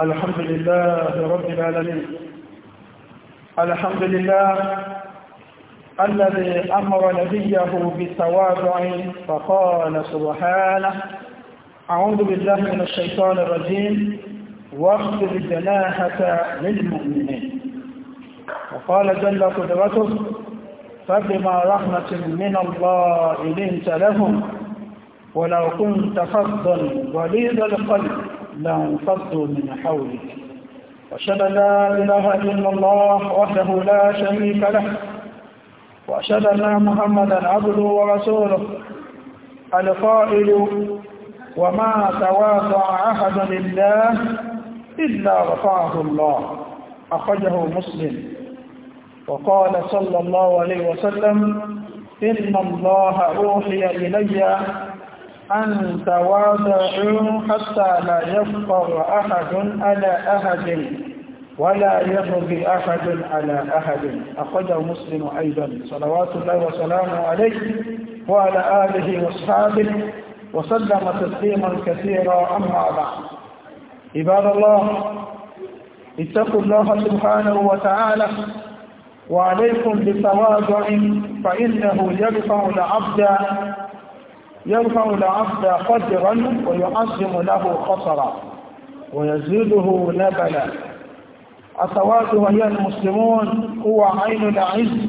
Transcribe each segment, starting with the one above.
الحمد لله رب العالمين الحمد لله الذي أمر نبيه بالتواضع فقال سبحانه أعوذ بالله من الشيطان الرجيم واخفض جناحك للمؤمنين وقال جل قدرته فبما رحمة من الله لنت لهم ولو كنت فظا وليد القلب لا انفضوا من حولك وأشهد أن لا إله إلا الله وحده لا شريك له وأشهد أن محمدا عبده ورسوله القائل وما تواضع أحد لله إلا رفعه الله أخرجه مسلم وقال صلى الله عليه وسلم إن الله أوحي إلي أن تواضعوا حتى لا يفقر أحد على أحد ولا يبغي أحد على أحد أخرجه مسلم أيضا صلوات الله وسلامه عليه وعلى آله وأصحابه وسلم تسليما كثيرا أما بعد عباد الله اتقوا الله سبحانه وتعالى وعليكم بتواضع فإنه يرفع العبد يرفع العبد قدرا ويعظم له خطرا ويزيده نبلا أخواته هي المسلمون هو عين العز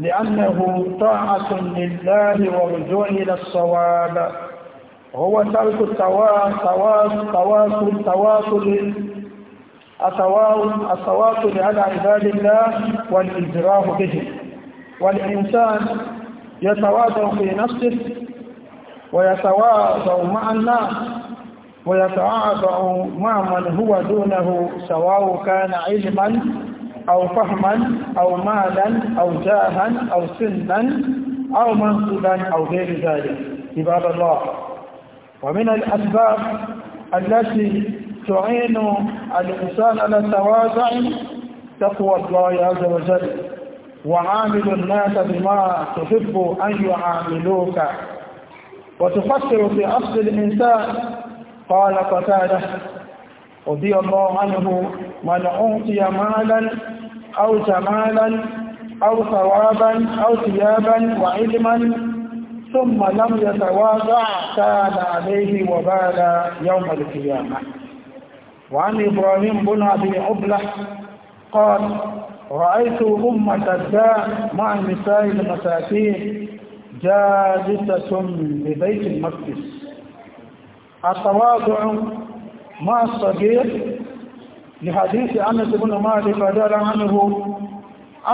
لأنه طاعة لله ورجوع إلى الصواب هو ترك التواصل التواصل التواصل على عباد الله والإجراء به والإنسان يتواضع في نفسه ويتواضع مع الناس ويتواضع مع من هو دونه سواء كان علما أو فهما أو مالا أو جاها أو سنا أو منصبا أو غير ذلك عباد الله ومن الأسباب التي تعين الإنسان على التواضع تقوى الله عز وجل وعامل الناس بما تحب أن يعاملوك وتفكر في أصل الإنسان قال قتاده رضي الله عنه من أعطي مالا أو جمالا أو ثوابا أو ثيابا وعلما ثم لم يتواضع كان عليه وبالا يوم القيامة وعن إبراهيم بن أبي عبلة قال رأيت أمة الداء مع النساء المساكين جالسة ببيت المقدس التواضع مع الصغير لحديث أنس بن مالك رضي عنه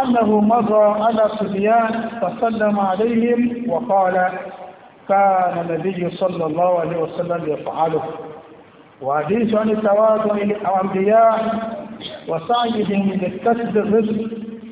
أنه مضى على الصبيان فسلم عليهم وقال كان النبي صلى الله عليه وسلم يفعله وحديث عن التواضع للأنبياء وسعيهم لكسب الرزق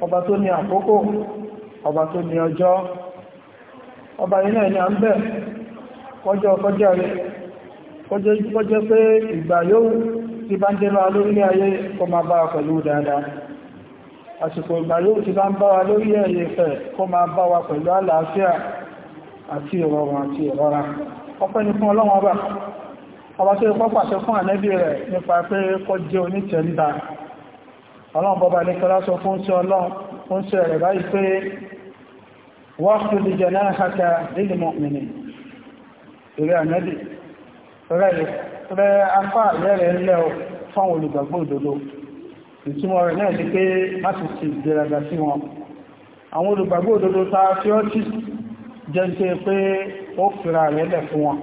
ọba tó ní àkókò ọba tó ní ọjọ́ ọba iná ẹni à ń bẹ̀ kọjọ́ kọjọ́ rẹ̀ kọjọ́ pé ìgbà yóò ti bá ń dé lọ lórí ayé kó máa bá pẹ̀lú dáadáa àsìkò ìgbà yóò ti bá ń bá wa lórí ẹ̀yẹ fẹ̀ kó máa bá wa pẹ̀lú àlàáfíà àti ìrọ̀rùn àti ìrọ̀ra ni fún ọlọ́run bọ́bá ilé kọ́lá sọ fún sí ọlọ́run fún sí ẹ̀rẹ̀ báyìí pé wọ́n tún lè jẹ náà haka lílì mọ̀mìnì ìrẹ́ ànẹ́bì rẹ̀ apá rẹ̀ ilẹ̀ fáwọn olùgbàgbọ́ òdodo ìtumọ̀ rẹ̀ náà ti pé má ti ti ìgbéraga sí wọn àwọn olùgbàgbọ́ òdodo ta tí ó ti jẹ́ ń pé pé ó fìra rẹ̀ lẹ̀ fún wọn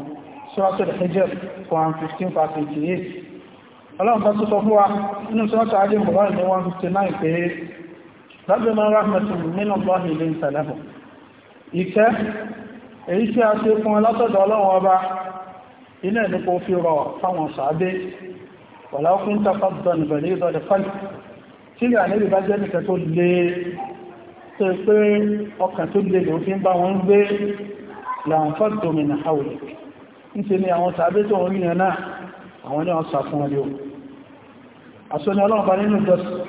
sọ́tọ̀ ìfẹ́jẹ̀ 115 passage ọlọ́run bá tó sọ fún wa inú sọ́tọ̀ ajé mọ̀wàá ní 159 pé lábẹ́mọ́ rahmatun nínú bọ́ọ̀lù ilé ìsàlẹ̀hùn ìkẹ́ èyí tí a ṣe fún ọlọ́tọ̀dọ̀ ọlọ́run ọba iná ẹni kò fi rọ̀ fáwọn sàábé wọ̀lákún tafàbọn ìbẹ̀lẹ̀ ìdọ̀lẹ̀ fàlì tí ìyà níbi bá jẹ́ nìkẹ́ tó lè tó pé ọkàn tó lè lò fi ń bá wọn gbé làǹfàdòmìnà haúlẹ̀ ní àṣọ́ni ọlọ́ọ̀bá nínú ìjọsìn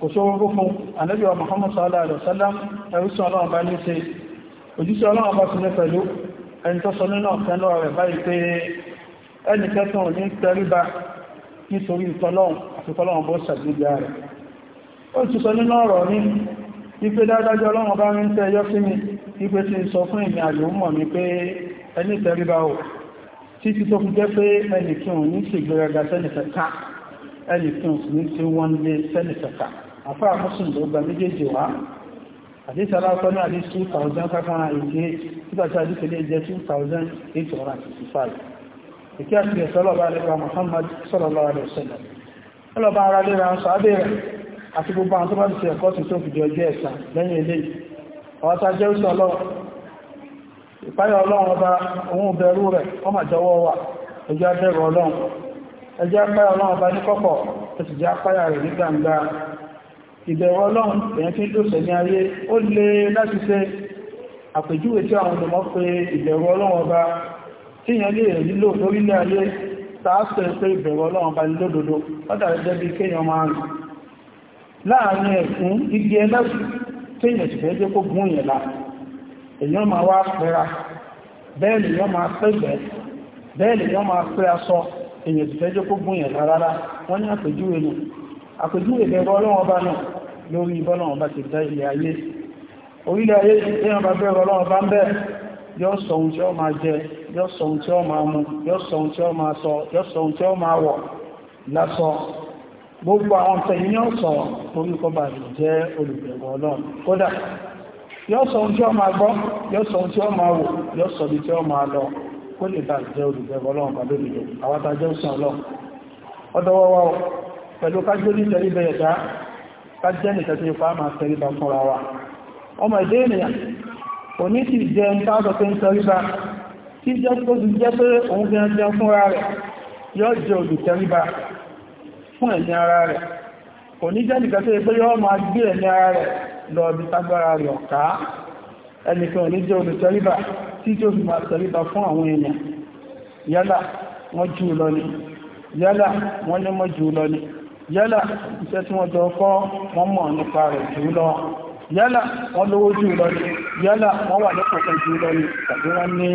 kò só orúkú fún ànábì wa Muhammad sallallahu alaihi wasallam ẹrùsùn ọlọ́ọ̀bá ní ṣe òjíṣẹ́ ọlọ́ọ̀bá sí ní pẹ̀lú ẹni tó sọ nínú ọ̀kan lọ́wọ́ rẹ̀ báyìí pé ẹni kẹtùn ní tẹríba nítorí ìtọ́lọ́hun àti tọ́lọ́hun bó ṣàgbéga rẹ̀ ó ti sọ nínú ọ̀rọ̀ ní ipé dájájọ́ ọlọ́run bá ń tẹ́ ẹyọ́ sí mi ipé tí ń sọ fún ìmì àyò mọ̀ ní pé ẹni tẹríba ò títí tó fi jẹ́ pé ẹnì kí òun ní ṣègbéraga sẹ́nìkẹta ẹni tí ó ní tí wọ́n lé sẹ́lì kẹta afẹ́ àmúsùn ló gba méjèèjì wá àdíṣẹ́ alákọ́ ní àdí 2,588 títàtí àdíṣẹ́lẹ̀ jẹ́ 2,855 ìkí àti ẹ̀sọ́ ọlọ́bà alẹ́gbà Muhammad sallallahu alaihi wasallam ọlọ́bà ara lẹ́ra ń sọ abẹ́rẹ̀ àti gbogbo àwọn tó bá ti ṣe ẹ̀kọ́ tuntun fìdí ọjọ́ ẹ̀sà lẹ́yìn ilé ọ̀ta jẹ́ ìṣọ́ ọlọ́run ìpáyọ̀ ọlọ́run ọba òun bẹ̀rù rẹ̀ ọmọ ìjọwọ́ wà ojú abẹ́rù ọlọ́run ẹjẹ́ apáyà ọlọ́run ọba ní kọ́kọ́ ó sì jẹ́ apáyà rẹ̀ ní gbangba ìbẹ̀rù ọlọ́run èyàn tí ń dòṣẹ̀ ní ayé ó lè láti ṣe àpèjúwe tí àwọn ọmọ pé ìbẹ̀rù ọlọ́run ọba tí èyàn lè nílò lórílẹ̀ ayé tààsẹ̀ pé ìbẹ̀rù ọlọ́run ọba ní lódodo látàrí jẹ́ bí kéèyàn máa rìn láàrin ẹ̀kún igi ẹlẹ́sì kéèyàn sì fẹ́ jẹ́ kó gún yẹn la èyàn máa wá pẹ́ra bẹ́ẹ̀ lèyàn máa pẹ́ bẹ́ẹ̀ lèyàn máa pẹ́ aṣọ èyàn ti fẹ́jọ́ kó gún ìyẹ̀ta rárá wọ́n ní àpèjúwe nù àpèjúwe bẹ̀rọ ọlọ́wọ́n bá náà lórí ìbọ́lọ́wọ́n bá ti dá ilẹ̀ ayé orílẹ̀ ayé èyàn bá bẹ̀rọ ọlọ́wọ́n bá ń bẹ̀ yóò sọ ohun tí ó máa jẹ yóò sọ ohun tí ó máa mu yóò gbọ́ yóò ohun tí ó máa wò yóò sọ tí ó máa lọ kó lè bá jẹ́ olùgbẹ̀rẹ̀ ọlọ́run pàdó ìjọ àwátà jẹ́ òsìn ọlọ́run ọdọ́wọ́wọ́ pẹ̀lú kájú ní tẹ̀lé bẹ̀yẹ̀dá kájẹ́ nìkan tí ipa máa tẹ̀lé bá fúnra wa ọmọ ìdé ènìyàn òní ti jẹ́ ń tàbí pé ń tẹ̀lé bá tí jẹ́ tó ti jẹ́ pé òun jẹ́ jẹ́ fúnra rẹ̀ yóò jẹ́ olùtẹ̀lé bá fún ẹ̀mí ara rẹ̀ òní ẹnìkan ò ní jẹ́ olùtẹríba tí tí ó fi máa tẹríba fún àwọn èèyàn yálà wọ́n jù lọ ni yálà wọ́n ní mọ́ jù lọ ni yálà iṣẹ́ tí wọ́n jọ kọ́ wọ́n mọ̀ nípa rẹ̀ jù lọ yálà wọ́n lówó jù lọ ni yálà wọ́n wà lẹ́kọ̀ọ́kan jù lọ ni tàbí wọ́n ní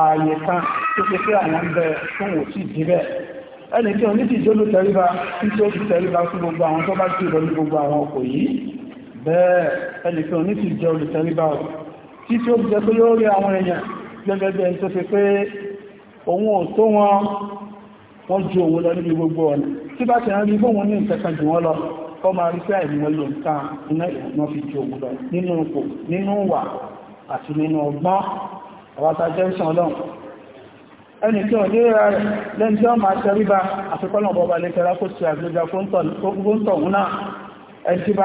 ààyè kan tó fi pé àwọn ń bẹ fún òsì jí bẹ́ẹ̀ ẹni tí wọ́n ní ti jóló tẹríba tí ó fi tẹríba fún gbogbo àwọn tó bá jù lọ ní gbogbo àwọn ọkọ̀ yìí bẹ́ẹ̀ ẹnìkan ní ti jẹ olùtẹríba ọ̀ tí tí ó jẹ pé yóò rí àwọn èèyàn gẹ́gẹ́ bí ẹni tó fi pé òun ò tó wọn wọ́n ju òun lọ níbi gbogbo ọ̀nà tí bá ti rán rí bóun ní ìtẹ́kan jù wọ́n lọ kọ́ máa rí fẹ́ ìmọ̀ lò ń tán iná ìwọ̀n fi ju òun lọ nínú ipò nínú wà àti nínú ọgbọ́n àwátá jẹ́ ìṣàn ọlọ́run ẹni tí ò léra bá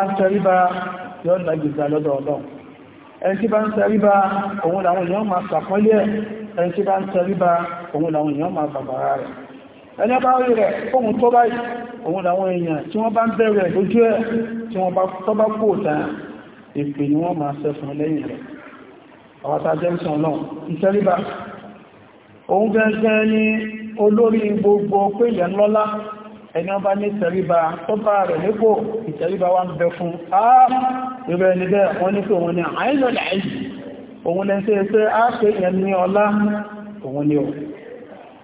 ń tẹríba yóò nà gbèsè lọ́dọ̀ ọlọ́run ẹni tí bá ń tẹríba òun làwọn èèyàn máa sàpọ́nlé ẹ̀ ẹni tí bá ń tẹríba òun làwọn èèyàn máa bàbàrà rẹ̀ ẹni bá rí rẹ̀ fóhun tó báyìí òun làwọn èèyàn tí wọ́n bá ń bẹ̀rẹ̀ lójú ẹ̀ tí wọ́n bá tọ́bá kò tán èpè ni wọ́n máa sẹ́fún lẹ́yìn rẹ̀ ọ̀wọ́ta jẹ́mìsàn náà ìtẹríba òun gẹ́gẹ́ ní olórí gbogbo pé ìyẹn lọ́lá ẹni ọba ní ìtẹríba tó bá rẹ̀ lépò ìtẹríba wá ń bẹ fún ààrẹ ẹni bẹ́ẹ̀ wọ́n ní pé òun ni àìlọ́lẹ̀ àìsì òun lẹ́n tí ẹsẹ́ ààpẹ yẹn ní ọlá òun ni ò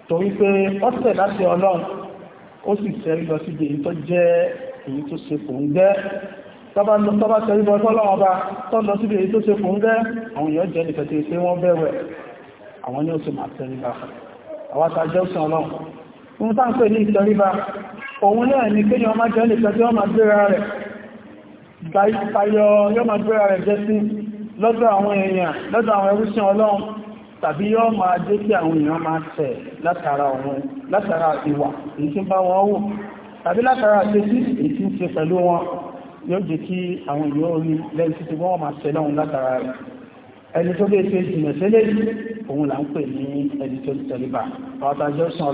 torí pé ọ́sẹ̀ láti ọlọ́run ó sì tẹ̀rí lọ sí èyí tó ṣe kò gẹ́ àwọn èèyàn jẹ́ nìkan tí wọ́n bẹ̀rẹ̀ àwọn ní ó sì máa àwọn àtàjẹ́ òsìn ọlọ́run òun náà ni kí ni ọmọ jẹ́ nìkan tí wọ́n máa gbéra rẹ̀ tayọ yọ́ máa gbéra rẹ̀ jẹ́ sí lọ́dọ̀ àwọn èèyàn lọ́dọ̀ àwọn ẹrúsìn ọlọ́run tàbí yọ́ máa jẹ́ kí àwọn èèyàn máa tẹ̀ látara òun látara ìwà èyí tí bá wọn wò tàbí látara àtẹ́sí èyí tí ń ṣe pẹ̀lú wọn yóò jẹ́ kí àwọn èèyàn orí lẹ́yìn títí wọ́n máa tẹ̀ lọ́run látara rẹ̀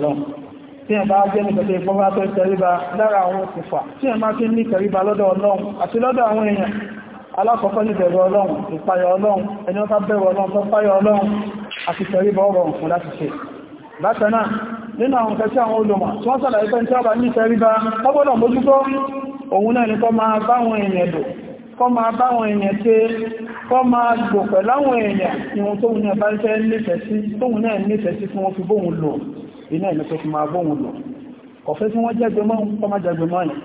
ẹni tí ẹ̀ bá jẹ́ nìkẹ̀ẹ́ ìfọ́nbá tó tẹríba lára àwọn òkùnfà tí ẹ̀ máa fi ní tẹríba lọ́dọ̀ ọlọ́run àti lọ́dọ̀ àwọn èèyàn alákọ̀ọ́kọ́ ní bẹ̀rẹ̀ ọlọ́run ìpayà ọlọ́run ẹni ó bá bẹ̀rẹ̀ ọlọ́run tó páyà ọlọ́run àti tẹríba ọrọ̀ fún láti ṣe bákan náà nínú àwọn kẹsí àwọn olùmọ̀ tí wọ́n sàlàyé pé tí ó bá ní tẹríba tọ́gbọ́dọ̀ mójútó òun náà ni kó máa báwọn èèyàn lò kó máa báwọn èèyàn ṣe kó máa gbò pẹ̀láwọn èèyàn ìwọ̀n tóun náà bá ń fẹ́ nífẹ̀ẹ́ sí tóun iná ìlú tó fi máa bóhun lọ kọ̀fẹ́ tí wọ́n jẹ́gbẹ̀ mọ́ ọmọ jẹ́gbẹ̀ mọ́ ẹ̀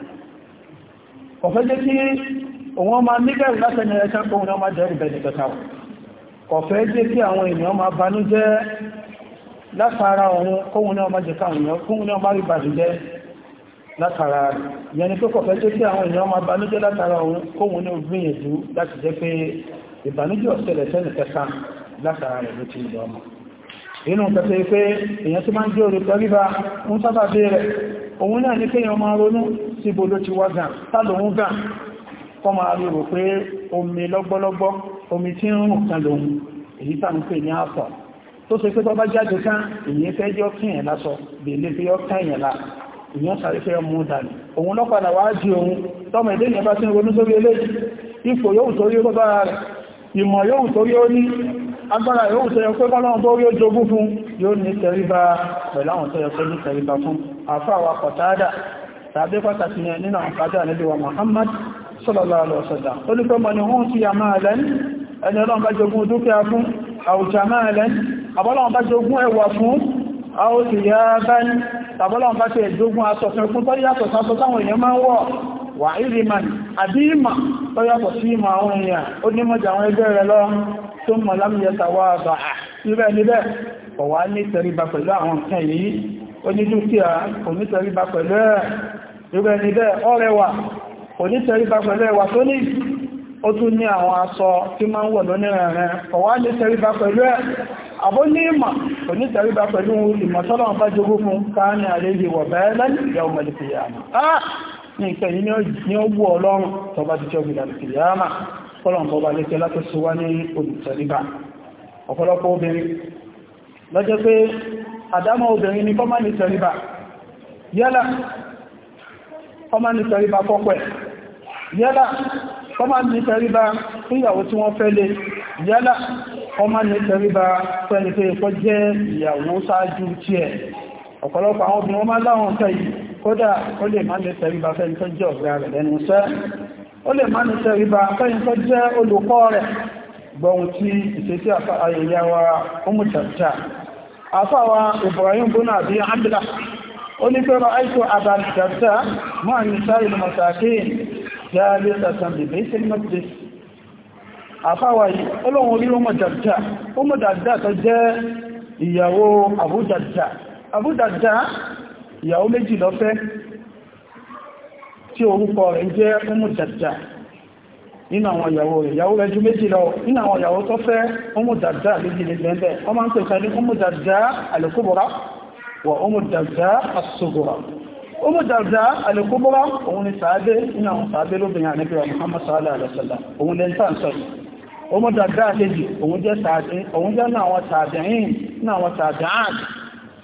kọ̀fẹ́ jẹ́ kí òun máa nígbẹ̀rù látẹni ẹ̀ṣẹ́ pọ̀hun ọmọ jẹ́rù bẹ̀rẹ̀ kẹta kọ̀fẹ́ jẹ́ kí àwọn ènìyàn máa banú jẹ́ látara òun kóhun ní ọmọ jẹ́ka ènìyàn kóhun ní ọmọ rìbàdì jẹ́ látara yẹni tó kọ̀fẹ́ jẹ́ kí àwọn ènìyàn ìbànújẹ́ ọ̀sẹ̀lẹ̀ sẹ́nì látara rẹ̀ ló ti lọ́mọ inú kẹta pé èyàn tí máa ń jẹ́ orí pẹ̀lúbà ń sábà bí rẹ̀ òun náà ní kéèyàn máa ronú sí ibodó ti wá gàn tàlòun gàn kọ́ máa rí rò pé omi lọ́gbọ́lọ́gbọ́ omi tí ń rùn kan lòun èyí tàn pè ní àpọ̀ tó ṣe pé bọ́bá jáde kan èyí fẹ́ yọ́ kíyàn lásọ bèèlé fi yọ́ kíyàn lá èyàn sáré fẹ́ mú dànù òun lọ́padà wá jí òun tọ́mọ̀ ìdé ìyẹn bá sí ronú sórí eléyìí ipò yóò torí ó bá rẹ̀ ìmọ̀ yóò torí ó ní agbára yóò tẹ́yọ pé kọ́lọ́run tó rí ó jogún fún yóò ní tẹríba pẹ̀lú àwọn tẹ́yọ pé ní tẹríba fún àfáwà kọ̀tádà tàbí pàtàkì nínú àwọn kàdà Muhammad sallallahu alaihi wasallam ó ní pé mọ̀ ni wọ́n ti yà máa lẹ́n ẹni ọlọ́run bá jogún dúkìá fún àwùjá máa lẹ́n àbọ́lọ́run bá jogún ẹwà fún àwọn ti yà bá ní tàbọ́lọ́run bá ti jogún asọ̀fin fún tọ́lá yàtọ̀ sáfọ́ táwọn tó mọ̀ lámìyẹta wá bá à níbẹ̀ níbẹ̀ kọ̀ wá ní tẹríba pẹ̀lú àwọn nǹkan yìí ó ní dúkìá kò ní tẹríba pẹ̀lú ẹ̀ níbẹ̀ níbẹ̀ ọrẹwà kò ní tẹríba pẹ̀lú ẹwà tó ní ó tún ní àwọn aṣọ tí máa ń wọ̀ lónírẹ̀rẹ̀ kọ̀ wá ní tẹríba pẹ̀lú ẹ̀ àbó ní ìmọ̀ kò ní tẹríba pẹ̀lú ìmọ̀tọ́lọ̀ bá jogún fún ah! ni ó wù ọlọ́run tó bá ti jọ gbìyànjú kọ́lọ̀mọ́ bá lẹ́kẹ́ látọ́ sí wá ní olùtẹ̀ríbà ọ̀pọ̀lọpọ̀ obìnrin lọ́jọ́ pé àdámọ́ obìnrin ni kọ́má ní tẹ̀ríbà yálà kọ́má ní tẹ̀ríbà kọ́pẹ̀ yálà kọ́má ní tẹ̀ríbà fúnyàwó tí wọ́n fẹ́ lé yálà kọ́má ní tẹ̀ríbà fẹ́ni pé kọ́ jẹ́ ìyàwó sáájú tí ẹ̀ ọ̀pọ̀lọpọ̀ àwọn obìnrin wọ́n má láwọn tẹ̀yí kódà ó lè má ní tẹ̀ríbà fẹ́ni tó jẹ́ ó lè máa nìṣẹ́ ìbá kẹ́yìn tó jẹ́ olùkọ́ rẹ̀ gbọ́hun tí ìṣẹ́sí àyẹ̀yàwà omùtàtà afáwa Ibrahim buna àbí abdullah ó ní pẹ́rọ àìsọ àbàlìtàtà máa ní sáàrì lọ́mọ̀tàkín jáàlé sàtàn bèbè sí mọ́tẹ̀ afáwa yìí ìyàwó Abu Darda Abu Darda ìyàwó méjì ló tí orúkọ rẹ̀ jẹ́ ọmọ dàdà nínú àwọn ìyàwó rẹ̀ ìyàwó rẹ̀ ju méjì lọ nínú àwọn ìyàwó tó fẹ́ ọmọ dàdà méjì lè gbẹ̀ẹ́bẹ̀ wọ́n máa ń pè kan ní ọmọ dàdà al wà ọmọ ọmọ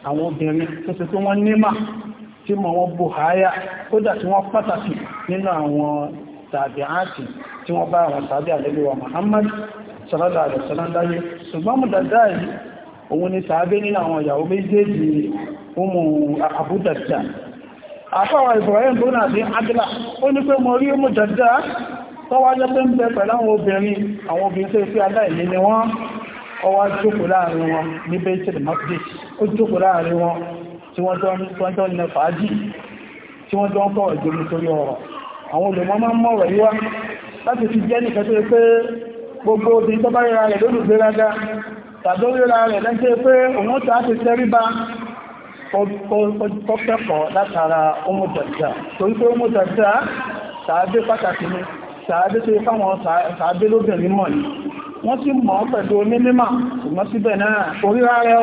òun ni nínú àwọn tí mọ̀ wọn bò háyá kódà tí wọ́n pàtàkì nínú àwọn tàbí àti tí wọ́n bá àwọn tàbí àlẹ́lẹ́wà Muhammad sallallahu alaihi wasallam láyé ṣùgbọ́n mú dáadáa yìí òun ni tàbí nínú àwọn ìyàwó méjèèjì umu Abu Darda àfáwà Ibrahim bó náà bí adìlá ó ní pé mo rí umu Darda tó wá jẹ́ pé ń bẹ pẹ̀lú àwọn obìnrin àwọn obìnrin tó fi aláìní ni wọ́n ọwá jókòó láàrin wọn ní Baitul Maqdis ó jókòó láàrin wọn tí wọ́n jọ ń fàájì tí wọ́n jọ ń kọ̀rọ̀ jẹ́ nítorí ọ̀rọ̀ àwọn olùmọ́ máa ń mọ̀rọ̀ yíwá láti fi jẹ́ nìkan tó pé gbogbo obìnrin tó bá ríra rẹ̀ lólùgbéraga tàbí ríra rẹ̀ lẹ́jẹ́ pé òun tó á ti tẹríba kọ́kẹ́kọ̀ọ́ látara ọmọdàdà torí pé ọmọdàdà sàábé pàtàkì ni sàábé tó fáwọn sàábé lóbìnrin mọ̀ ni wọ́n sì mọ̀ pẹ̀lú onímọ̀ ṣùgbọ́n síbẹ̀ náà oríra rẹ̀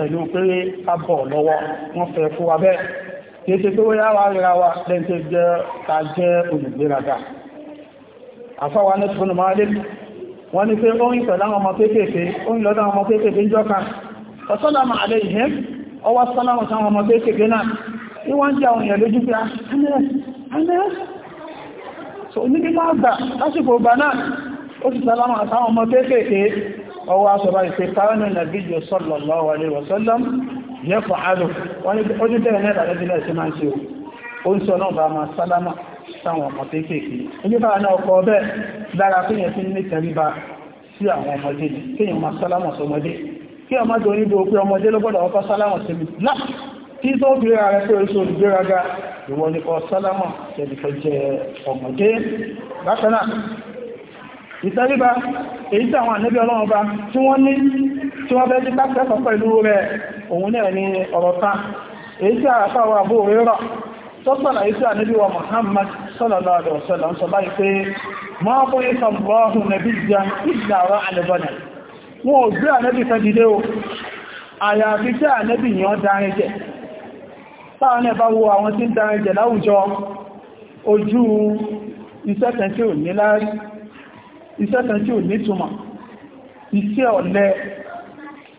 pẹ̀lú pé kábọ̀ lọ́wọ́ wọ́n fẹ́ fún wa bẹ́ẹ̀ kìí ṣe pé wọ́n yára ríra wa lẹ́ntẹ́ jẹ́ ká jẹ́ olùgbéraga àfáwa ní ṣùgbọ́n máa lé wọ́n ní pé ó ń pẹ̀lú àwọn ọmọ kéékèèké ó ń lọ́dọ̀ àwọn ọmọ kéékèèké jọ kan ọ̀sọ́dà máa lè yẹn ọwọ́ sọ́lá àwọn ọmọ kéékèèké náà ní wọ́n jẹ́ àwọn èèyàn lójú pé anẹ́ẹ̀ẹ́ ọwọ́ aṣọ báyìí pé káwọn nàbíjọ sallallahu alaihi wasallam yẹ́ fọ́ àlò wọ́n ní ojú bẹ́ẹ̀ náà tàbí bílẹ̀ sí máa ń ṣe o ó ń sọ náà bá máa sálámà sáwọn ọmọ kéékèèké ojú bá náà kọ bẹ́ẹ̀ lára kéèyàn sí ní tẹríba sí àwọn ọmọdé kéèyàn máa sálámà sọmọdé kí ọmọ jọ níbi òpin ọmọdé ló gbọ́dọ̀ ọkọ̀ sálámà sí mi tí tó fi ra rẹ̀ pé oṣù olùgbéraga ìwọ ni kọ sálámà tẹ̀lifẹ̀ jẹ ọmọdé bákan ìtẹ́ríba èyí tí àwọn ànẹ́bí ọlọ́run bá tí wọ́n ní tí wọ́n fẹ́ jí pàtẹ́kọ̀ pẹ̀lú rẹ̀ òun náà ni ọ̀rọ̀ ta èyí tí àràfà bó Muhammad sallallahu alaihi wasallam sọ báyìí pé máa bó yẹ sọ̀rọ̀ nẹ̀bí jẹ́ ìgbà ọ̀rọ̀ àlẹ́bọ̀nà wọn ò gbé ànẹ́bí kan dìde o àyàfi tí ànẹ́bí yàn dárin jẹ táwọn ẹ̀ ojú iṣẹ́ tí ò ní láàrín iṣẹ́ kan tí ò nítumọ̀ iṣẹ́ ọ̀lẹ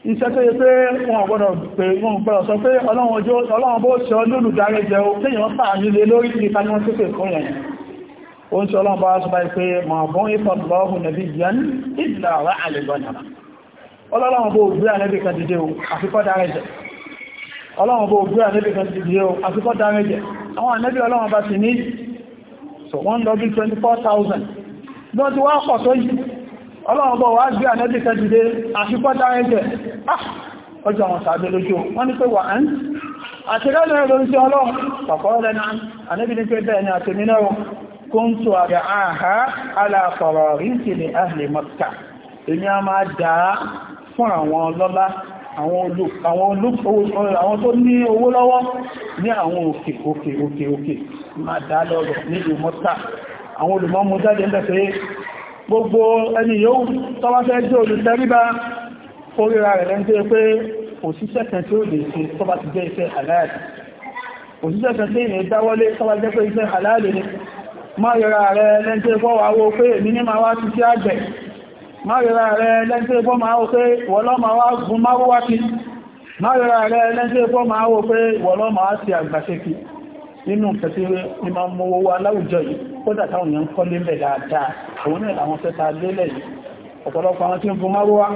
iṣẹ́ tó yẹ pé wọn gbọ́dọ̀ pé wọn gbọ́dọ̀ sọ pé ọlọ́run bó ṣe olólùdarí jẹ o kéèyàn pààyí lé lórí ìta ní wọ́n sípè fún yẹn o ń ṣe ọlọ́run bá sọ báyìí pé ma bọ́n ifọ̀ lọ́hùn nẹ̀bí yẹn ìdìlà ọ̀rá àlẹ́gbọ̀nàmà ọlọ́run bó gbé ànẹ́bì kan dìde o àfikọ́ darí jẹ ọlọ́run bó gbé ànẹ́bì kan dìde o àfikọ́ darí jẹ àwọn ànẹ́bì ọlọ́run bá sì ní so 1,000 24,000 bọ́n ti wá pọ̀ tó yìí ọlọ́run bọ̀ wá gbé ànẹ́bì kẹjìdé àfikọ́ta ẹgbẹ̀ ah! ọjọ́ àwọn sàábẹ̀ lójú wọ́n ní pé wà ń àti rẹ́lẹ̀ ẹ̀rọ ń sí ọlọ́run pàpọ̀ rẹ̀ náà ànẹ́bì ní pé bẹ́ẹ̀ ni àti nínú kóńtò àrẹ àhá aláfọ̀rọ̀ ríkìlì ahìlì mọ́ta èmi a máa dá fún àwọn ọlọ́lá àwọn tó ní owó lọ́wọ́ ní àwọn òkè òkè òkè òkè máa dá lọ́rọ̀ nílùú mọ́ta àwọn olùmọ́ mú jáde ń bẹ̀fẹ́ gbogbo ẹni yóò tọ́wọ́fẹ́ jẹ́ olùtẹ́ríbá oríra rẹ̀ lẹ́n tó yẹ pé òṣìṣẹ́ kan tí ó lè ṣe tó bá ti jẹ́ iṣẹ́ àláàlì òṣìṣẹ́ kan tí èyàn dáwọ́lé tó bá jẹ́ pé iṣẹ́ àláàlì ni má yọra rẹ̀ lẹ́n tó yẹ wá wo pé èmi ní máa wá ti sí àgbẹ̀ kódà táwọn èèyàn kọ́ lélẹ̀ dáadáa òun náà làwọn fẹ́ta lélẹ̀ yìí ọ̀pọ̀lọpọ̀ àwọn tí ń gun márúwá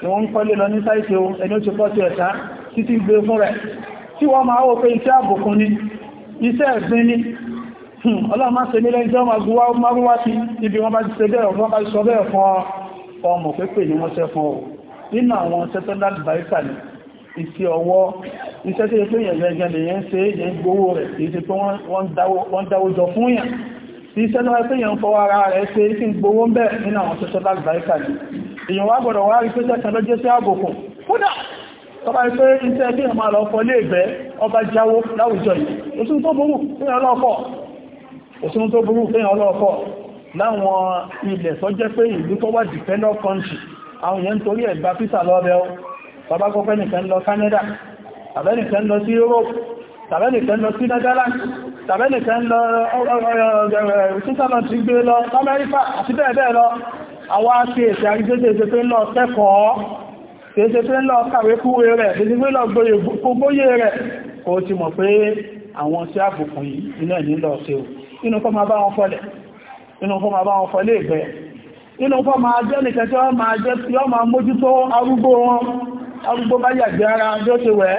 ni wọ́n ń kọ́lé lọ ní sáìsì ohun ẹni ó ti pọ́ sí ẹ̀ta títí gbé fún rẹ̀ tí wọ́n máa wó pé iṣẹ́ àbùkún ni iṣẹ́ ẹ̀gbin ni hmm, ọlọ́mà iṣẹ́ ọwọ́ iṣẹ́ tí ó pé yẹ̀gẹ́gẹ́ lè yẹn ṣe yẹn gbówó rẹ̀ kìí ṣe wọ́n dáwó jọ fún yàn tí iṣẹ́ lọ́wọ́ pé èèyàn fọwọ́ ara rẹ̀ ṣe kí n gbowó ń bẹ̀ nínú àwọn social advice ni èèyàn wá gbọ́dọ̀ wá rí pé tẹ́kan ló jẹ́ sí àbòkùn kódà ọba pé iṣẹ́ kí èèyàn máa lọ fọ léègbẹ́ ọba jáwó láwùjọ yìí òsùn tó burú kéèyàn lọ́ọ̀fọ̀ òsùn tó burú kéèyàn lọ́ọ̀fọ̀ láwọn ilẹ̀ tó jẹ́ pé ìlú tó wà dependent country àwọn èèyàn torí ẹ̀gbà písà lọ́bẹ̀ ó bàbá gbọ́ pẹ́nìkan lọ Canada tàbẹ́nìkan lọ sí Europe tàbẹ́nìkan lọ sí Netherlands tàbẹ́nìkan lọ sísànà ti gbé lọ lamẹ́ríkà àti bẹ́ẹ̀ bẹ́ẹ̀ lọ àwọn aṣe èsì àrígbéjẹ́ pé ń lọ kẹ́kọ̀ọ́ kèése pé ń lọ kàwé kúwé rẹ̀ kèése pé lọ gbóyè rẹ̀ kò ti mọ̀ pé àwọn sí àbùkùn yìí ilẹ̀ ní lọ sí o inú kọ́ máa bá wọn fọ́lẹ̀ inú kọ́ máa bá wọn fọ́lẹ̀ ìgbẹ́ inú kọ́ máa jẹ́ nìkan tí wọ́n máa mójútó arúgbó wọn arúgbó bá yàgbé ara bí ó ti wẹ̀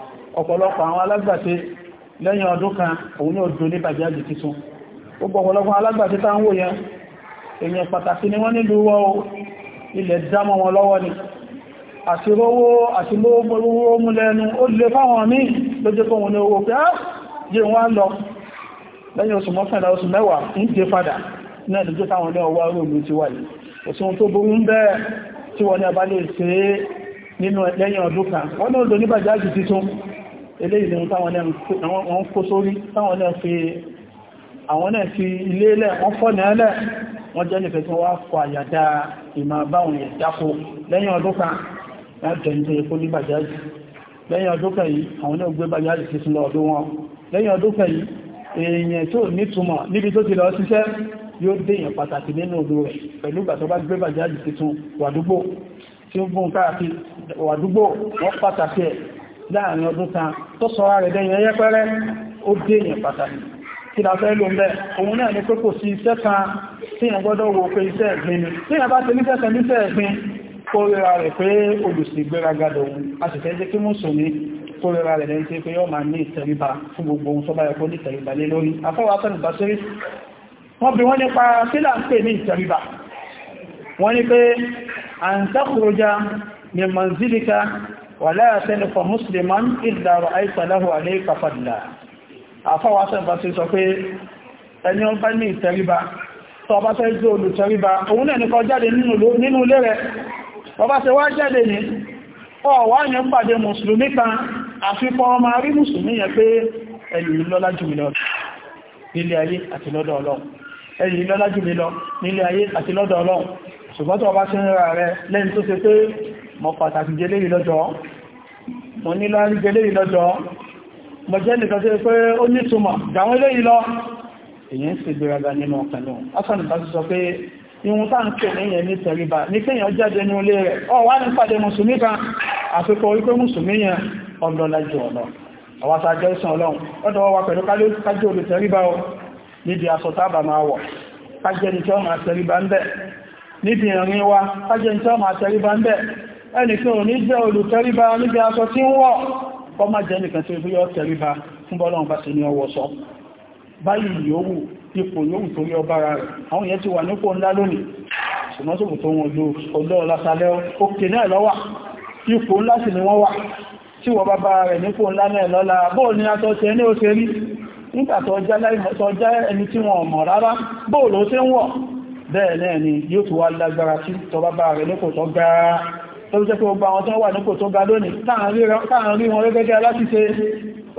ọ̀pọ̀lọpọ̀ àwọn alágbàtẹ́ lẹ́yìn ọdún kan òun ní òdò ní bàjáàjì titun ó gbọ́pọ̀lọpọ̀ alágbàtẹ́ tá ń wò yẹn èèyàn pàtàkì ni wọ́n nílùú wọ́ ilẹ̀ dámọ́ wọn lọ́wọ́ ni àṣírówó àṣírówó múlẹ́nu ó lè fáwọn míì lójé kó wọn ní owó pé á jẹ́ wọ́n lọ lẹ́yìn oṣù mọ́kànlá oṣù mẹ́wàá ń dé padà náà lójé táwọn ilé ọwọ́ róòlù ti wà yìí ọdún kan wọ́n ní ó lò ní bàjáàjì titun ilé ilé táwọn náà kó sórí táwọn náà fi àwọn náà fi ilé ilẹ̀ wọ́n fọ́ ní ẹlẹ́ wọ́n jẹ́ nìfẹ́ tí wọ́n kọ àyàdá ìmọ̀ báwọn yẹ̀ dákó lẹ́yìn ọdún kan wọ́n jẹ́ ní tó ní bàjáàjì lẹ́yìn ọdún kan yìí àwọn náà gbé bàjáàjì sí lọ ọdún wọn lẹ́yìn ọdún kan yìí èèyàn tó nítumọ̀ níbi tó ti lọ ṣiṣẹ́ yóò dèyàn pàtàkì nínú odò rẹ̀ pẹ̀lú ìgbà tó bá gbé bàjáàjì tuntun wàdúgbò tí ó bún káàkiri wàdúgbò wọ́n pàtàkì ẹ̀ láàrin ọdún kan tó sọ́ra rẹ̀ dẹ́yìn ẹyẹ́pẹ́rẹ́ ó dèyàn pàtàkì kí la fẹ́ ló ń bẹ́ òun náà ni pé kò sí iṣẹ́ kan tí yẹn gbọ́dọ̀ wo pé iṣẹ́ ẹ̀gbin ni tí yẹn bá ti ní fẹ́sẹ̀ níṣẹ́ ẹ̀gbin kó rẹra rẹ̀ pé olùsì gbéragadà òun a sì fẹ́ jẹ́ kí mùsùlùmí kó rẹra rẹ̀ lẹ́yìn tí pé yọ́ máa ní ìtẹríba fún gbogbo ohun tó bá yẹ kó ní ìtẹríba lé lórí afọ́wà sẹ́nu bá sórí wọ́n bí wọ́n nípa sílà ń pè ní ìtẹríba wọ́n ní pé à ń tẹ́kùrọjá ní manzilika ولا تلف مسلما إلا رأيت له عليك فضلا àfọwà sẹ́nfà ti sọ pé ẹni ọba ní ìtẹríba tó ọba tẹ́ jẹ́ olùtẹríba òun náà nìkan jáde nínú ilé rẹ̀ ọba tẹ́ wá jáde ní ọwà yẹn pàdé mùsùlùmí kan àfikọ́ ọmọ rí mùsùlùmí yẹn pé ẹ̀yìn lọ́lá jù mí lọ nílé ayé àti ṣùgbọ́n tó ọba ti ń ra rẹ lẹ́yìn tó ṣe pé mọ pàtàkì jẹ́ léyìn lọ́jọ́ mo ní láàrín gẹlé ìlọ́jọ́ mo jẹ́ nìkan tí pé ó ní túnmọ̀ dáwọn ilé ìlọ́ èyàn sì gbéraga nínú ọkàn náà bá ti sọ pé ihun tá ń pè ní tẹríba ní kéèyàn jáde ní rẹ̀ ọ wá ní pàdé mùsùlùmí kan wípé yẹn ọlọ́lájú ọ níbi máa wọ̀ kájẹ́ ní tí ń bẹ̀ níbi ìrìn wa kájẹ́ ní tí ẹnìkan ò ní jẹ́ olùtẹríba níbi aṣọ tí ń wọ̀ jẹ́ nìkan tí ó yọ tẹríba fún bọ́lọ́run bá ṣe ní ọwọ́ sọ báyìí yòówù ipò yòówù tó yọ bára rẹ̀ àwọn èèyàn ti wà nípò ńlá lónìí ṣùgbọ́n tó wọn ni yóò tó wá lágbára tí tọ́ bá bá rẹ̀ nípò tọ́ gbáà tó jẹ́ pé gbogbo àwọn tó wà nípò tó ga lónìí táà rí wọn gẹ́gẹ́ láti ṣe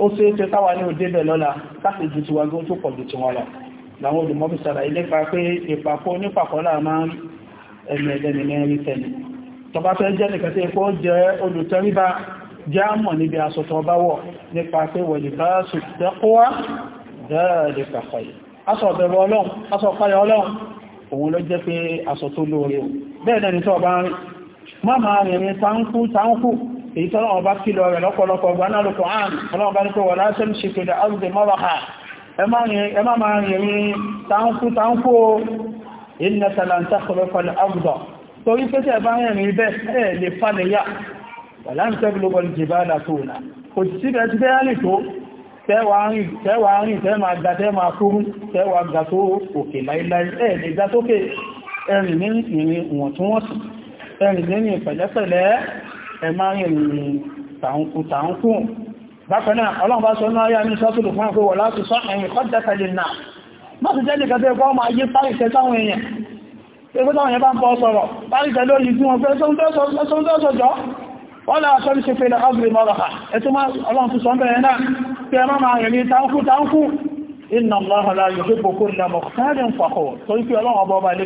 ó ṣe ṣe táwà ní òde bẹ̀ lọ́la láti jù tiwa gún tó pọ̀ jù tiwa lọ làwọn olùmọ́bí sàlàyé nípa pé ìpapọ̀ nípàkọ́lá máa ń ẹ̀mì ẹ̀dẹ̀mì mẹ́rin tẹ̀lẹ̀ tó bá fẹ́ jẹ́ nìkan tí ó jẹ́ olùtẹríba já mọ̀ níbi asọ̀tọ̀ bá wọ̀ nípa pé wẹ̀lìbá sùtẹ́kọ́wá má máa rìnrìn sáńkú sáńkú èyí tọ́lọ́ ọba kílọ̀ rẹ̀ lọ́pọ̀lọpọ̀ gbanáàlùkọ̀ ààrùn ọlọ́ọ̀bá ní pé wọ̀ láṣẹ́ ní ṣèkèdè áùdè mọ́bàá ẹ má máa rìnrìn sáńkú sáńkú iná tàlàntà kọlọ̀kọlọ̀ áùdọ̀ torí pé tẹ́ bá rìnrìn bẹ́ ẹ̀ lè fàlẹ̀yà wà láńtẹ́ ẹ̀rìn lẹ́yìn pẹ̀lẹ́pẹ̀lẹ́ ẹ máa ń rìn tàǹkù bákanáà ọlọ́run bá sọ náà yá ní sọ́tùlù fún àkó wọ̀ láti sọ ẹ̀yìn kọ́dẹ̀kẹ́lẹ̀ náà má ti jẹ́ nìkan tó ẹgbọ́ ọmọ ayé páìsẹ̀ táwọn èèyàn ẹgbẹ́ táwọn èèyàn bá ń bọ́ sọ̀rọ̀ páìsẹ̀ lórí fún wọn pé sọ́tùlọ́sọ̀jọ́ wọ́n lára sọ́rí ṣe fẹ́lẹ̀ ọgbẹ̀rẹ̀ mọ́rọ̀ha ẹ̀tọ́ máa ọlọ́run tó sọ bẹ̀rẹ̀ náà pé ẹ má máa rẹ̀ ní táńkù táńkù inna Allah la yuhibbu kulla mukhtalin fakhur torí pé ọlọ́run ọba ọba ilé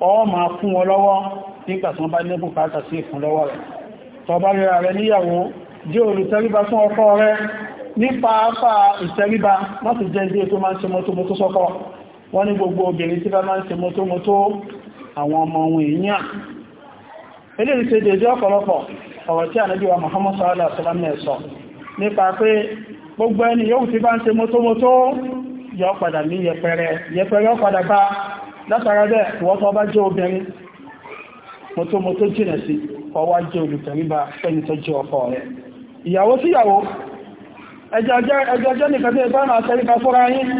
ọ ma fún wọn lọ́wọ́ nígbàtí wọ́n bá ní bùkátà sí ìfún lọ́wọ́ rẹ̀ tó bá rẹ̀ rẹ̀ níyàwó jẹ́ olùtẹríba fún ọkọ rẹ̀ nípa afá ìtẹríba láti jẹ́ ilé tó máa ń ṣe mọ́tómọ́tó sọ́kọ wọ́n ní gbogbo obìnrin tí bá máa ń ṣe mọ́tómọ́tó àwọn ọmọ ohun èèyàn eléyìí ṣe dèjọ́ ọ̀pọ̀lọpọ̀ ọ̀rọ̀ tí ànábì wa Muhammad sallallahu látara bẹ́ẹ̀ wọ́n bá jẹ́ obìnrin mọ́tọ́mọ́tọ́ jìnà sí ọwá jẹ́ ẹni tó jẹ́ ọkọ rẹ̀ ìyàwó síyàwó ẹjọ́jẹ́ nìkan tí ẹgbẹ́ máa tẹríba fúnra yín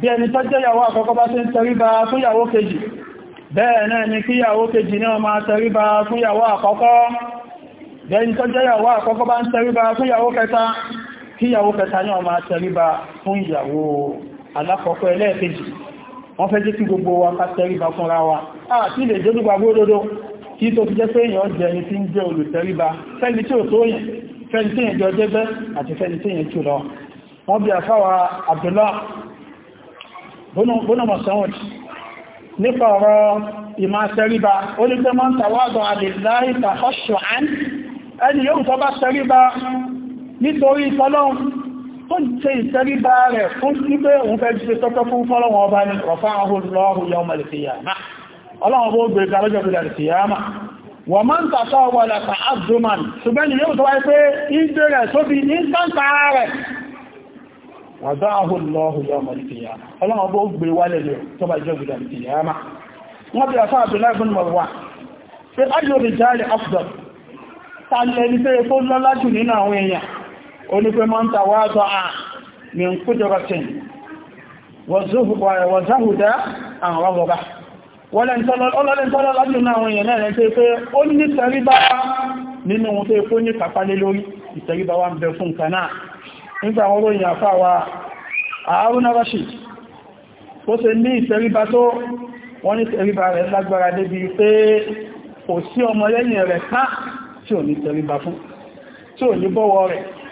bí ẹni tó jẹ́ ìyàwó àkọ́kọ́ bá ti ń tẹríba fúnyàwó kejì ni kejì alákọ̀ọ́kọ́ ẹlẹ́ẹ̀kejì wọ́n fẹ́ jẹ́ kí gbogbo wa ká tẹríba fúnra wa àti ilẹ̀ ìjọ́dúgba gbódódó kí tó fi jẹ́ pé èèyàn jẹ́ ẹni tí ń jẹ́ olùtẹríba fẹ́ni tí ò tó yìn fẹ́ni tí èèyàn jọ jẹ́gbẹ́ àti fẹ́ni tí èèyàn jù lọ wọ́n bí àfáwà Abdullah bọ́nà mọ̀sánwọ̀n nípa ọ̀rọ̀ ìmá tẹríba ó ní pé mọ́ ń tàwádọ̀ àdìláì tàhọ́ṣùn ẹni yóò tọ́ bá tẹríba tó ṣe ìtẹ́ríbá rẹ̀ fún síbẹ̀ òun fẹ́ ṣe tọ́tọ́ fún fọ́lọ́wọ́ ọba ní ọ̀fá ahùlọ́hùn yọ mọ̀lẹ̀kìyàmá ọlọ́wọ́ bó gbé ìgbàlọ́jọ́ bí lẹ́rìkìyàmá wọ́n máa ń tàṣọ́ wọ́n lẹ́ta abdomen ṣùgbẹ́ ni yóò tó wáyé pé ìgbé rẹ̀ onífẹ́ mọ́ ń tàwà àtọ́ à ní kújọrọ̀tìn wọ̀záhùdá àwọn ọgbọ̀gbà ọlọ́lẹ́ntọ́lọ́ lájúnà àwọn èèyàn náà rẹ̀ pé ó ní tẹríba nínú ohun tó kó ní kàpálé lórí ìtẹríba wa ń bẹ fún kaná nígbà àwọn olóyìn àfáwà Haruna Rashid ó ṣe ní ìtẹríba tó wọ́n ní tẹríba rẹ̀ lágbára débi pé kò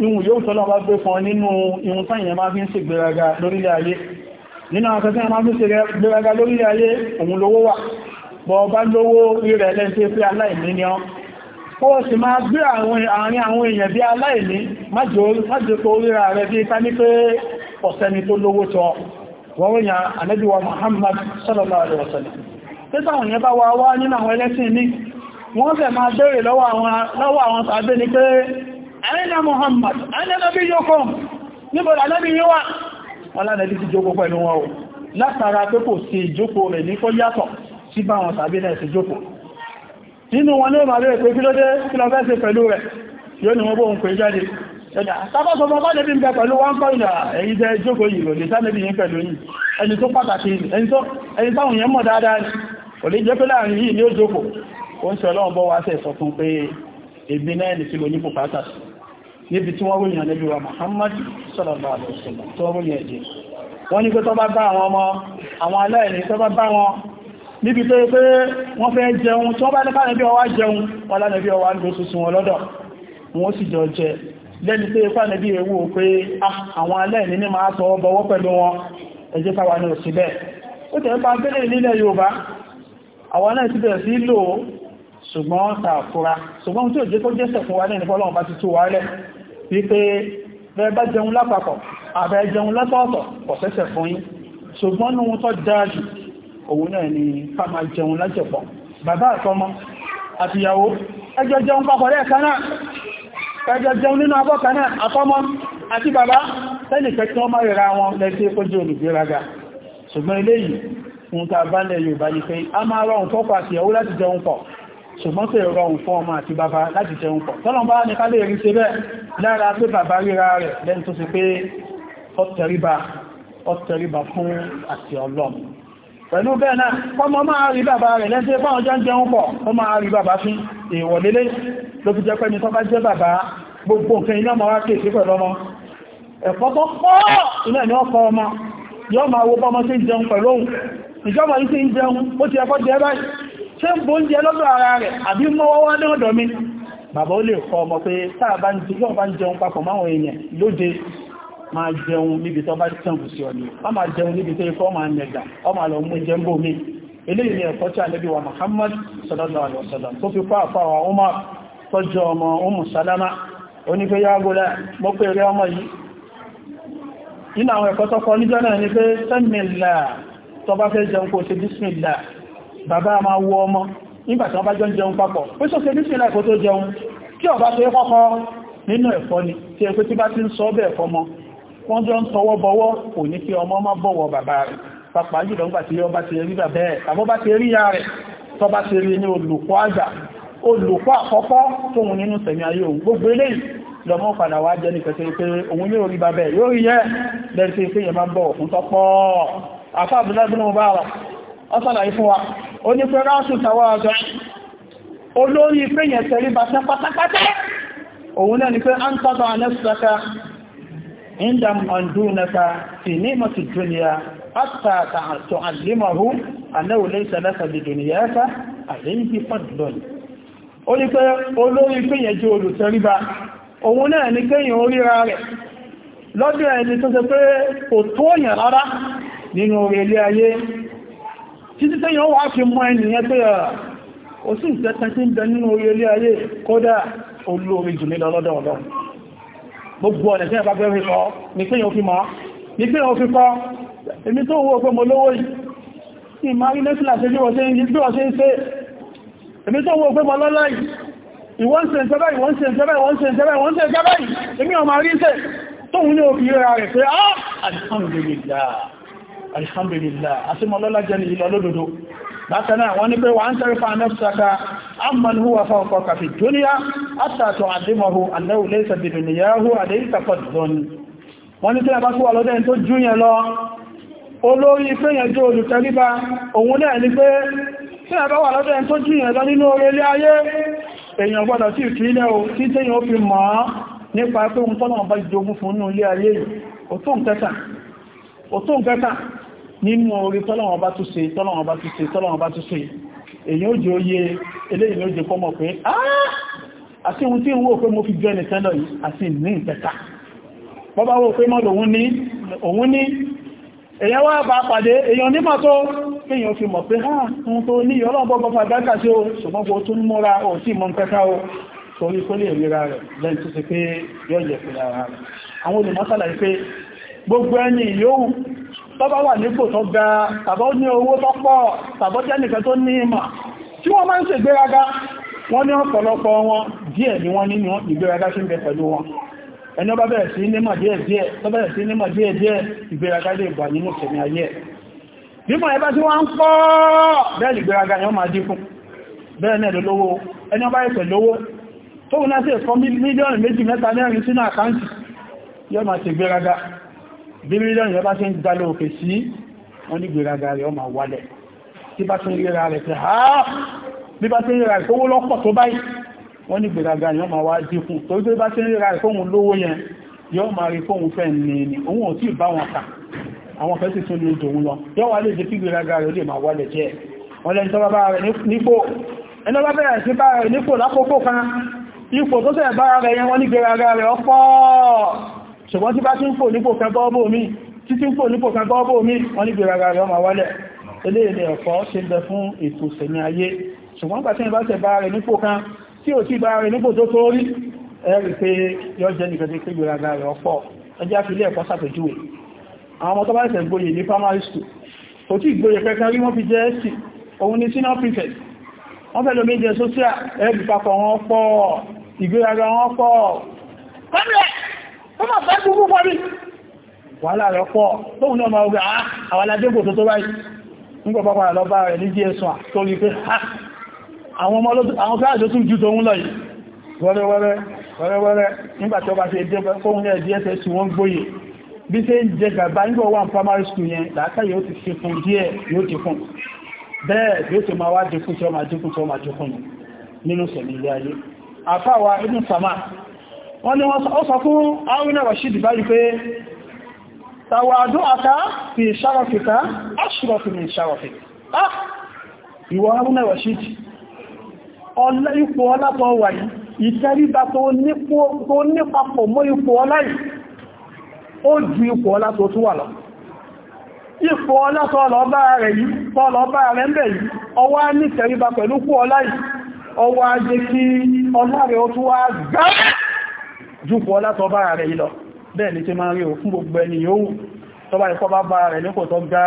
ihun yóò tọ́lọ́ bá gbé fún nínú ihun tán ìyẹn máa fi ń ṣe gbéraga lórílẹ̀ ayé nínú àwọn akẹ́kẹ́ máa fi ń ṣe gbéraga lórílẹ̀ ayé òun lówó wà bọ̀ bá lówó rírẹ̀ lẹ́sẹ̀ pé aláìní ni ọ́ ó sì máa gbé àárín àwọn èèyàn bí Muhammad sallallahu alaihi wasallam títàwọn yẹn bá wá wá nínú àwọn ẹlẹ́sìn ní wọ́n fẹ́ máa bẹ̀rẹ̀ lọ́wọ́ àwọn ẹ̀rẹ́nà Muhammad ẹ̀rẹ́nà bí yóò níbọn alẹ́bí yíó wà wọ́n lánàbí ti jókòó pẹ̀lú wọn o látara pé kò sí ìjókòó rẹ̀ ní kó yàtọ̀ sí bá wọn tàbí náà sí jókòó nínú wọn ní ọmọ rẹ̀ pé kí ló dé kí lọ fẹ́ sí pẹ̀lú rẹ̀ yóò ní wọ́n bóhun pé jáde tàbátọmọ bá débí ń bẹ pẹ̀lú ni kò ni ó jókòó ó ń sọ ọlọ́run bọ́ wá sẹ̀ sọ fún pé èmi náà ní sí lo ní bùkátà sí níbi tí wọ́n ròyìn ànábì wa Muhammad sallallahu alaihi wasallam tó ròyìn ẹ̀jẹ̀ wọ́n ní pé tó bá bá àwọn ọmọ àwọn aláìní tó bá bá wọn níbi tó yẹ pé wọ́n fẹ́ jẹun tó bá ní káàrín bí ọwá jẹun wọ́n lánàbí ọwá ń lóṣù sun wọn lọ́dọ̀ wọ́n sì jọ jẹ lẹ́ni tó yẹ pàdébí ewu pé ah, àwọn aláìní ní máa tọ́ bọwọ́ pẹ̀lú wọn ẹjẹ́ káwà ní òsì bẹ́ẹ̀ ó wa lẹ́ni fọ́lọ́run wípé bẹ́ẹ̀bá jẹun lápapọ̀ àbẹ́ jẹun lọ́tọ̀ọ̀tọ̀ pọ̀sẹ́sẹ̀ fún yín ṣùgbọ́n ní tó dáájú òun náà ni ká máa jẹun lájẹpọ̀ bàbá àtọmọ àtìyàwó ẹjọ jẹun papọ̀ lẹ́ẹ̀kanáà ẹjọ jẹun nínú abọ́ kanáà àtọmọ àti bàbá tẹ́nìkẹ́ tí wọ́n máa rẹ̀ra wọn lẹ́sí ó jẹ́ olùgbéraga ṣùgbọ́n eléyìí fún ta bá lẹ́ Yorùbá ni pé a máa rọrùn tọ́pọ̀ àtìyàwó láti jẹun pọ̀ ṣùgbọ́n tó rọrùn fún ọmọ àti bàbá láti jẹun pọ̀ tọ́lọ̀n bá ní ká lè rí ṣe bẹ́ẹ̀ lára pé bàbá ríra rẹ̀ lẹ́n tó sì pé ọ̀tẹ̀ríba ọ̀tẹ̀ríba fún àti ọlọ́m pẹ̀lú bẹ́ẹ̀ náà kọmọ máa rí bàbá rẹ̀ lẹ́sẹ̀ fáwọn jẹ́ jẹun pọ̀ ó máa rí bàbá fún èèwọ̀ lélé ló fi jẹ́ pẹ́ni tó bá jẹ́ bàbá gbogbo nǹkan iná ma wá pè sí pẹ̀lú ọmọ ẹ̀kọ́ tó pọ̀ iná ni ọkọ̀ ọmọ yóò máa wo bọ́mọ sí jẹun pẹ̀lú òun ìjọba yìí sí jẹun ó ti ẹkọ́ jẹ́ báyìí ṣe ń bó ń jẹ lọ́dọ̀ ara rẹ̀ àbí mọ́wọ́ wá ní ọ̀dọ̀ mi bàbá ó lè kọ ọmọ pé sáà bá ń jẹun papọ̀ máwọn èèyàn lóde máa jẹun níbi tó bá tẹ́kù sí ọ̀nà a máa jẹun níbi tó ikọ́ máa nẹ̀gà ọmọ àlọ́ mú jẹ ń ni ẹ̀kọ́ tí a lẹ́bí wa Muhammad sallallahu alaihi wasallam tó fi kọ́ Salama onípe yágúlẹ̀ mọ́pẹ̀ rẹ ọmọ yìí nínú àwọn ẹ̀kọ́ tọ́kọ níjọ́ náà ni fẹ́ jẹun kó ṣe bísmìlá bàbá máa wọ ọmọ nígbàtí wọ́n bá jọ ń jẹun papọ̀ pé sọ ṣe nísìnlẹ̀ ẹ̀kọ́ tó jẹun kí ọba tó kọ́kọ́ nínú ẹ̀fọ́ ni tí ẹ̀kọ́ tí bá ti ń sọ bẹ̀ ẹ̀fọ́ mọ́ wọ́n jọ ń tọwọ́ bọwọ́ kò ní kí ọmọ má bọ̀wọ̀ bàbá rẹ̀ pàpà jùlọ nígbà tí ọba ti rí bàbá ẹ̀ àbọ́ bá ti rí ya rẹ̀ tó bá ti rí ní olùkọ́ àgbà olùkọ́ àkọ́kọ́ tóun nínú sẹ̀mí ayé òun gbogbo padà wá jẹ́ nìkẹ̀ẹ́ pé òun ní orí bàbá yóò rí yẹ́ lẹ́rí pé yẹ máa bọ̀ òkun tọ́pọ̀ àfáàbùlá mo bá rọ̀ ọ́sàlàyé fún wa onífẹ́ ráṣù tàwà ọ̀dọ́ olórí fẹ́yẹ̀ tẹ̀rí bàtẹ́ pátápátá òun náà ni pé a ń tàbà anẹ́sìtaka indam ọ̀dúnaka fi ní mọ̀tí dúnìyà àtàtà àtọ̀ àlímọ̀hú anẹ́wòlẹ́ ìsẹ̀lẹ́sà di dúnìyà ẹ́ta àlẹ́yìnbí fọ́dùlọ́nì ó ní pé olórí fẹ́yẹ̀ ni kẹ́yìn oríra rẹ̀ lọ́dún ẹni tó ṣe pé kò tó yàn rárá nínú orí ayé títí tẹ́yàn wá fi mọ́ ènìyàn pé ó sì ìtẹ́tẹ́ tí ń bẹ nínú orí ilé ayé kódà olóorí jù nílọ lọ́dọ̀ ọ̀dọ̀ gbogbo ọ̀nà tí ẹ̀bá bẹ́rẹ̀ lọ ní pé yóò fi mọ́ ní pé yóò fi kọ́ èmi tó wó pé mo lówó yìí tí ma rí lẹ́sìlá sí bí wọ́n ṣe ń ṣe èmi tó wó pé mo lọ́lá yìí ìwọ́n ṣe ń tẹ́bẹ̀ ìwọ́n ṣe ń tẹ́bẹ̀ ìwọ́n ṣe ń tẹ́bẹ̀ ìwọ́n ṣe ń tẹ́bẹ̀ alhamdulillah asímọ̀lọ́lá jẹ́ ní ìlọ lódodo bákanáà wọ́n ní pé wà ń tẹ́rẹfà nẹ́fẹ́sàká amman huwa fawqaka fi dunya hatta tu'allimahu annahu laysa bi dunyahu alayka fadlun wọ́n ní tí a bá kó àlọ́dẹ́ tó júyẹn lọ olórí fẹ́yẹn jẹ́ olùtẹ́ríba òun náà ni pé tí a bá wà lọ́dẹ́ tó júyẹn lọ nínú orílẹ̀ ayé èèyàn gbọ́dọ̀ sí ìfìlẹ̀ o tí òtún kẹta nínú orí tọ́lọ̀wọ̀n bá tún ṣe tọ́lọ̀wọ̀n bá tún ṣe tọ́lọ̀wọ̀n bá tún ṣe èyí ó jẹ́ oyé eléyìí ló jẹ́ kọ́mọ̀ pé ah! àti ohun tí ń wò pé mo fi jọ ẹni tẹ́lọ̀ yìí àti ní ìpẹta bọ́bá wò pé mọ́lù òun ní èyàn wá bá pàdé èyàn nípa tó èyàn fi mọ̀ pé ha ah! ń tó ní ọlọ́bọ̀bọ̀ fàdákà sí o ṣùgbọ́n kò tún múra ò tí mọ́ pẹ́ká o torí kó lè ríra rẹ̀ lẹ́yìn tó ṣe pé yọ́ jẹ̀ fìlà rẹ̀ àwọn olùmọ́sàlàyé pé gbogbo ẹni yóò tọ́bá wà nípò tó ga tàbọ́ ní owó tó pọ̀ tàbọ́ jẹ́ nìkan tó ní ìmọ̀ tí wọ́n máa ń ṣe gbéraga wọ́n ní ọ̀pọ̀lọpọ̀ wọn díẹ̀ ni wọ́n nínú ìgbéraga sí ń bẹ pẹ̀lú wọn ẹni ọba bẹ̀rẹ̀ sí nímọ̀ díẹ̀díẹ̀ tó bẹ̀rẹ̀ sí nímọ̀ díẹ̀díẹ̀ ìgbéraga lè bà nínú ìṣẹ̀mí ayé bímọ̀ ẹbá tí wọ́n ń pọ́ bẹ́ẹ̀ ìgbéraga ni wọ́n máa dínkù bẹ́ẹ̀ náà lówó ẹni ọba ẹ̀sẹ̀ lówó tó wùn láti ẹ̀kọ́ bí mílíọ̀nù yẹn bá ṣe ń dalẹ̀ òkè sí wọ́n ní gbèraga rẹ̀ ọmọ wálẹ̀ tí bá ṣe ń ríra rẹ̀ pé àá bí bá ṣe ń ríra rẹ̀ tó wó lọ́pọ̀ tó báyìí wọ́n ní gbèraga rẹ̀ ọmọ wá dínkù torí pé bá ṣe ń ríra rẹ̀ fóun lówó yẹn yọ́ máa rí fóun fẹ́ ní ni òun ò tí ì bá wọn kà àwọn fẹ́ sì tún ní ìdòun lọ yọ́ wà lè jẹ́ kí gbèraga rẹ̀ ó lè máa wálẹ̀ jẹ́ wọ́n lẹ́ni tọ́bá bára rẹ̀ nípò ẹni ọba bẹ̀rẹ̀ sí bára rẹ̀ nípò lákòókò kan ipò tó sẹ̀ bára rẹ̀ yẹn wọ́n ní gbèraga rẹ̀ ọ̀pọ̀ ṣùgbọ́n tí bá tí ń fò nípò kan bọ́ bóòmí tí tí ń fò nípò kan bọ́ bóòmí wọ́n ní gbèrà rẹ̀ ọmọ wálẹ̀ eléèlé ẹ̀kọ́ ṣe ń bẹ fún ètò sẹ̀mí ayé ṣùgbọ́n gbà tí ìbá tẹ̀ bá rẹ̀ nípò kan tí ò tí bá rẹ̀ nípò tó tó rí ẹ̀rì pé yọ jẹ́ nìkan tí pé gbèrà rẹ̀ ọ̀pọ̀ ẹjá fi ilé ẹ̀kọ́ sàpèjúwe àwọn ọmọ tó bá tẹ̀ gboyè ní primary school kò tí gboyè kankan rí wọ́n fi jẹ́ ẹ̀sì òun ni senior prefect wọ́n fẹ́ lo méje social ẹ̀rì papọ̀ ìgbéraga wọn pọ̀ kọ́mílẹ̀ ó máa fẹ́ kúrú pọ̀ bí wàhálà rẹ̀ pọ̀ tóun náà máa gbà ah, àwọn aládégò tó tó báyìí nígbà pápá lọ bá rẹ̀ ní dsn tó rí pé ah, àwọn ọmọ àwọn káàjọ tún ju tóun lọ yìí wẹ́rẹ́wẹ́rẹ́ wẹ́rẹ́wẹ́rẹ́ nígbà tí ó bá ṣe dé fóun rẹ̀ dss wọ́n gbóyè bí ṣe ń jẹ gàbá nígbà wà primary school yẹn làákà yóò ti ṣe fún díẹ̀ yóò ti fún bẹ́ẹ̀ yóò ti máa wá dínkù tí ó máa dínkù tí ó máa dínkù nínú sẹ̀mí ilé ayé àfáwà wọ́n ni wọ́n sọ fún Haruna báyìí pé tàwàdó àká fi ṣàrọ̀fìká aṣírọ̀fì ní ṣàrọ̀fì ah ìwọ Haruna ipò ọlátọ̀ wà yìí yìí ó ju ipò tó wà lọ yìí rẹ̀ ń bẹ̀ yìí ọwá pẹ̀lú yìí jùpọ̀ látọba rẹ̀ ìlọ bẹ́ẹ̀ ni tí máa rí òfún gbogbo ẹni yóò tọba ikọ́ bá bá rẹ̀ nípò tó gbá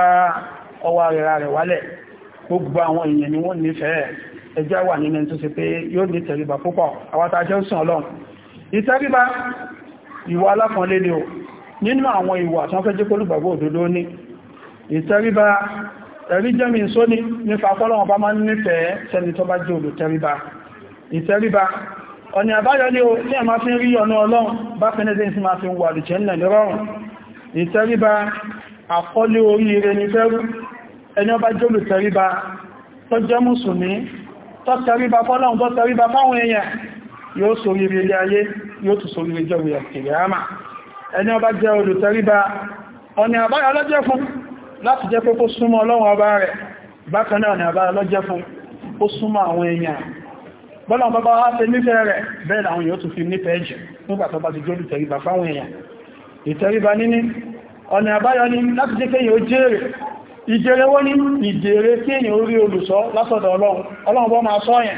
ọwà rẹ̀ rẹ̀ wálẹ̀ gbogbo àwọn èèyàn ni wọ́n nífẹ̀ẹ́ ẹjá wà nínú tó sì pé yóò ní tẹríba púpọ̀ àwátá jẹ́ ni o nínú àwọn ìwà tó fẹ́ jẹ́ kólùgbàgbọ́ òdodo ní ìtẹríba ẹ̀rí jẹ́mi sóní nípa fọ́lọ́wọ́n bá máa ń nífẹ̀ẹ́ ọ̀nà àbáyọ ní o tí a máa fi ń rí ọ̀nà ọlọ́run bá fẹ́nẹ́dẹ́ sí máa fi wà lùchẹ́ ńlẹ̀ lọ́rọ̀rùn ìtẹríba àkọlé oríire ní fẹ́rú ẹni ọba jólù tẹríba tó jẹ́ mùsùlùmí tó tẹríba fọ́lọ́run tó tẹríba fáwọn èèyàn yóò ṣoríire ilé ayé yóò tún ṣoríire jẹ́rù ẹ̀kẹ̀rẹ̀ àmà ẹni ọba jẹ́ olùtẹríba ọ̀nà àbáyọ lọ́jẹ́ bọ́lá bàbá wá ṣe nífẹ̀ẹ́ rẹ̀ bẹ́ẹ̀ làwọn yóò tún fi nífẹ̀ẹ́ jù nígbàtọ̀ bá ti jó ìtẹríba fáwọn èèyàn ìtẹríba níní ọ̀nà àbáyọ ni láti jẹ́ kéèyàn ó jèrè ìjèrè wọ́n ní ìjèrè kéèyàn ó rí olùsọ látọ̀dọ̀ ọlọ́run ọlọ́run bọ́ máa sọ́yàn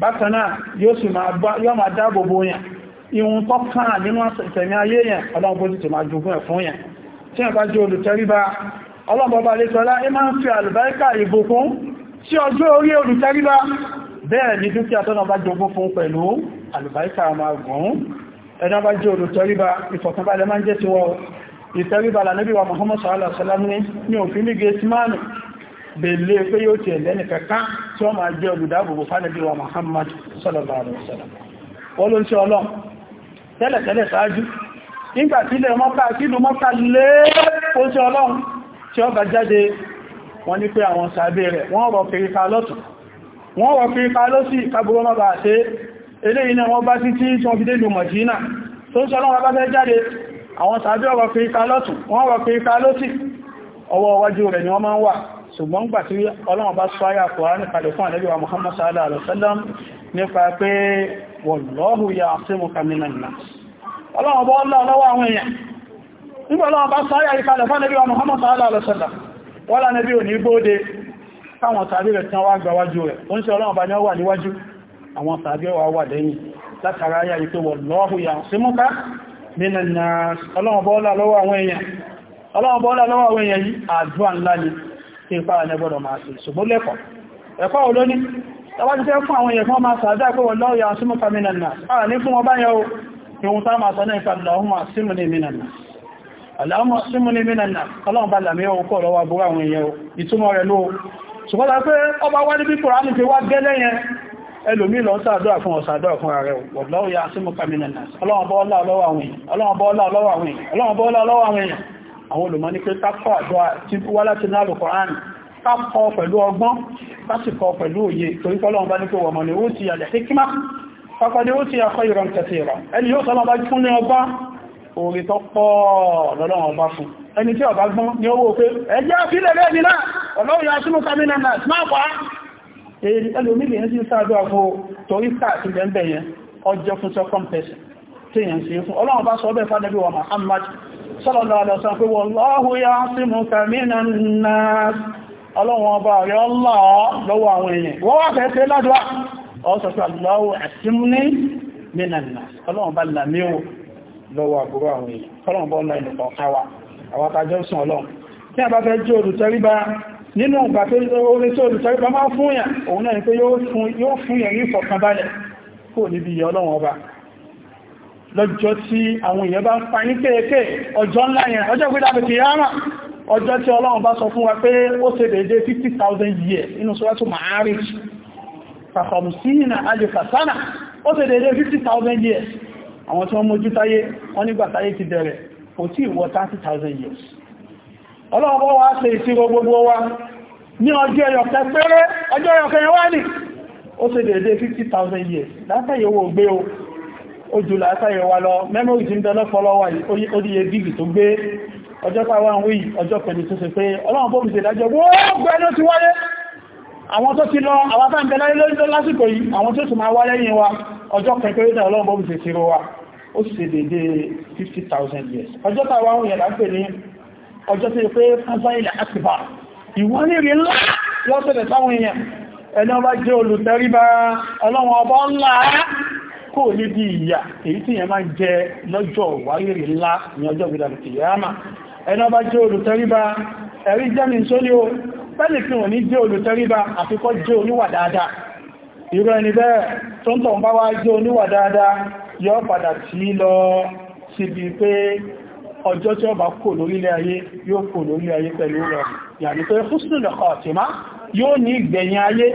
bákan náà yóò sì máa dáàbò bo yàn ìhun tó kàn nínú ìtẹ̀mí ayé yàn ọlọ́run bó ti máa jogún ẹ̀ fún tí ọjọ́ orí olùtẹríba bẹ́ẹ̀ ni dúkìá tọ́nà bá jogún fún pẹ̀lú àlùbáríkà máa gùn ẹ̀nà bá jẹ́ olùtẹríba ìfọ̀kànbalẹ̀ máa ń jẹ́ ti wọ́ ìtẹríba lànàbí wa Muhammad sallallahu alaihi wasallam ní òfin ní gẹ̀ẹ́sìmánù bèèlè pé yóò ti ẹ̀lẹ́ni kẹta tí wọ́n máa jẹ́ olùdáàbòbò fánàbí wa Muhammad sallallahu alaihi wasallam wọ́n ló ń ṣe ọlọ́ tẹ́lẹ̀tẹ́lẹ̀ sáájú nígbà tí ilẹ̀ mọ́ká sílù mọ́ká lé ó ṣe ọlọ́run tí ó bá jáde wọ́n ní pé àwọn sàábé rẹ̀ wọ́n rọ̀ kiri ká lọ́tún wọ́n wọ̀ fi ipa ló sí ìkàbùrọ̀ má bàá ṣe eléyìí náà wọ́n bá sí tí tí wọ́n fi dé ìlú Mọ̀dínà tó ń sọ́lọ́wọ́ bá fẹ́ jáde àwọn tàbí ọ̀rọ̀ fi ipa lọ́tún wọ́n wọ̀ fi ipa ló sí ọwọ́ iwájú rẹ̀ ni wọ́n máa ń wà ṣùgbọ́n gbà tí Ọlọ́run bá sọ ayà kòrán nípa lè fún àlẹ́bíwà Muhammad sallallahu alaihi wasallam nípa pé wallahu ya'simuka minan nas Ọlọ́run bọ́ lọ́wọ́ àwọn èèyàn nígbà Ọlọ́run bá sọ ayà Muhammad sallallahu alaihi wasallam wọ́n lá nẹ́bí ò káwọn tàbí rẹ̀ tán wá gbàwájú rẹ̀ ó ń ṣe ọlọ́run bá ní ọwà níwájú àwọn tàbí wà wà lẹ́yìn látara ayá ìpé wọ̀ lọ́hù yà sí múká nínú ọlọ́run bọ́ọ́lá lọ́wọ́ àwọn èèyàn yìí àdúrà ńlá ni tí ipa rẹ̀ gbọ́dọ̀ máa ṣe ṣùgbọ́n lẹ́kọ̀ọ́ ẹ̀kọ́ ò lóní tàbá ti fẹ́ fún àwọn èèyàn kan máa sàádá pé ní fún náà ọlọ́run bá làmí ọkọ̀ lọ́wọ́ abúrú àwọn èèyàn ìtumọ̀ rẹ̀ lóò ṣùgbọ́n la pé ọba wá níbi kòránì ti wá gẹ́lẹ́ yẹn ẹlòmí lọ sáàdọ́à fún ọ̀sàdọ́à fún ààrẹ ọ̀lọ́wọ́ ya sí mọ́kàmínà náà ọlọ́wọ́ bọ́ọ́lá ọlọ́wọ́ àwọn èèyàn ọlọ́wọ́ bọ́ọ́lá ọlọ́wọ́ àwọn èèyàn ọlọ́wọ́ bọ́ọ́lá ọlọ́wọ́ àwọn èèyàn àwọn olùmọ̀ ní pé tápọ̀ àdúrà tí wá láti náà lò kọ̀ránì tápọ̀ pẹ̀lú ọgbọ́n láti kọ pẹ̀lú òye torí kọ́lọ́wọ́n bá ní pé wọ̀mọ̀ ni ó ti yàlẹ̀ hikima pápádé ó ti yàkọ́ ìrọ̀ tẹ̀síra ẹni yóò sọ́lọ́ bá fún ní ọba orí tọ́pọ̀ lọ́lọ́wọ́n bá fún ẹni tí ọba gbọ́n ni ó wó pé ẹjẹ́ àfilẹ̀ lẹ́ni náà ọlọ́run ya súnmọ́ kàmínà náà máa pa èyí ẹlòmílì yẹn sí sáàdọ́ àfo torí káàkì bẹ̀m̀bẹ̀ yẹn ọjọ́ fún second person tí yẹn sí fún ọlọ́run bá sọ ọbẹ̀ fánẹ́bí wa Muhammad sallallahu alaihi wasallam pé wallahu ya'simuka minan nas ọlọ́run ọba rẹ̀ ọlọ́ lọ́wọ́ àwọn èèyàn wọ́n wá fẹ́ tẹ́ ládùá ọ̀sọ̀ pé Allahu ya'simuni minan nas ọlọ́run bá làmíwò lọ́wọ́ àbúrò àwọn èèyàn ọlọ́run bá ọlọ́ nínú ìgbà tó orí tó olùtọ́rí bá máa fún yàn òun náà ni pé yóò fún yàn ní ìfọ̀kànbalẹ̀ kò níbi ìyà ọlọ́run ọba lọ́jọ́ tí àwọn èèyàn bá ń pa ní kéèké ọjọ́ ńlá yẹn ọjọ́ gbé dábẹ̀ yára ọjọ́ tí ọlọ́run bá sọ fún wa pé ó ṣe dédé 50,000 years inú sọ́rọ̀tún Ma'arij fàfàmù sí ìnà àjẹ́fà sánà ó ṣe dédé 50,000 years àwọn tí wọ́n mójú táyé wọ́n nígbà táyé ti bẹ̀rẹ̀ kò tí ìwọ 30,000 years ọlọ́ọ̀bọ́ wa ṣe ìṣirò gbogbo wa ní ọjọ́ ẹyọkẹ péré ọjọ́ ẹyọkẹ yẹn wá ní ó ṣe dédé 50,000 years látàyè owó gbé o ó jù látàyè wa lọ memory ti ń bẹ́lẹ́ fọ́lọ́wà ó díye gígì tó gbé ọjọ́ táwọn ń wí ọjọ́ pẹ̀lú tó ṣe pé ọlọ́run bó ṣe dájọ́ gbogbo ẹni ó ti wáyé àwọn tó ti lọ àwọn tá ń bẹ láyé lórí lásìkò yìí àwọn tó sì máa wá lẹ́yìn wa ọjọ́ pẹ̀lú tó ọlọ́run bó ṣe ṣe ro wa ó sì ṣe dédé 50,000 years ọjọ́ táwọn ń yẹ̀ lápẹ̀ ní ọjọ́ tó yẹ pé fásá ilẹ̀ àtìbà ìwọ́n ní rí ńlá wọ́n tẹ̀lẹ̀ sáwọn èèyàn ẹni ọba jẹ́ olùtẹríba ọlọ́wọ́n ọba ńlá kò ní bí ìyà èyí tí yẹn máa jẹ lọ́jọ́ wáyèrè ńlá ní ọjọ́ ìdàlù kìyàmà ẹni ọba jẹ́ olùtẹríba ẹ̀rí jẹ́mi sólé o pẹ́lì fi wọ́n ní jẹ́ olùtẹríba àfikọ́ jẹ́ oníwà dáadáa irú ẹni bẹ́ẹ̀ tó ń tọ̀ ń bá wá jẹ́ oníwà dáadáa yọ padà tí lọ síbi pé ọjọ́ tí ó bá kò lórílẹ̀ ayé yóò kò lórílẹ̀ ayé pẹ̀lú rẹ̀ yàní pé husnul khatima yóò ní ìgbẹ̀yìn ayé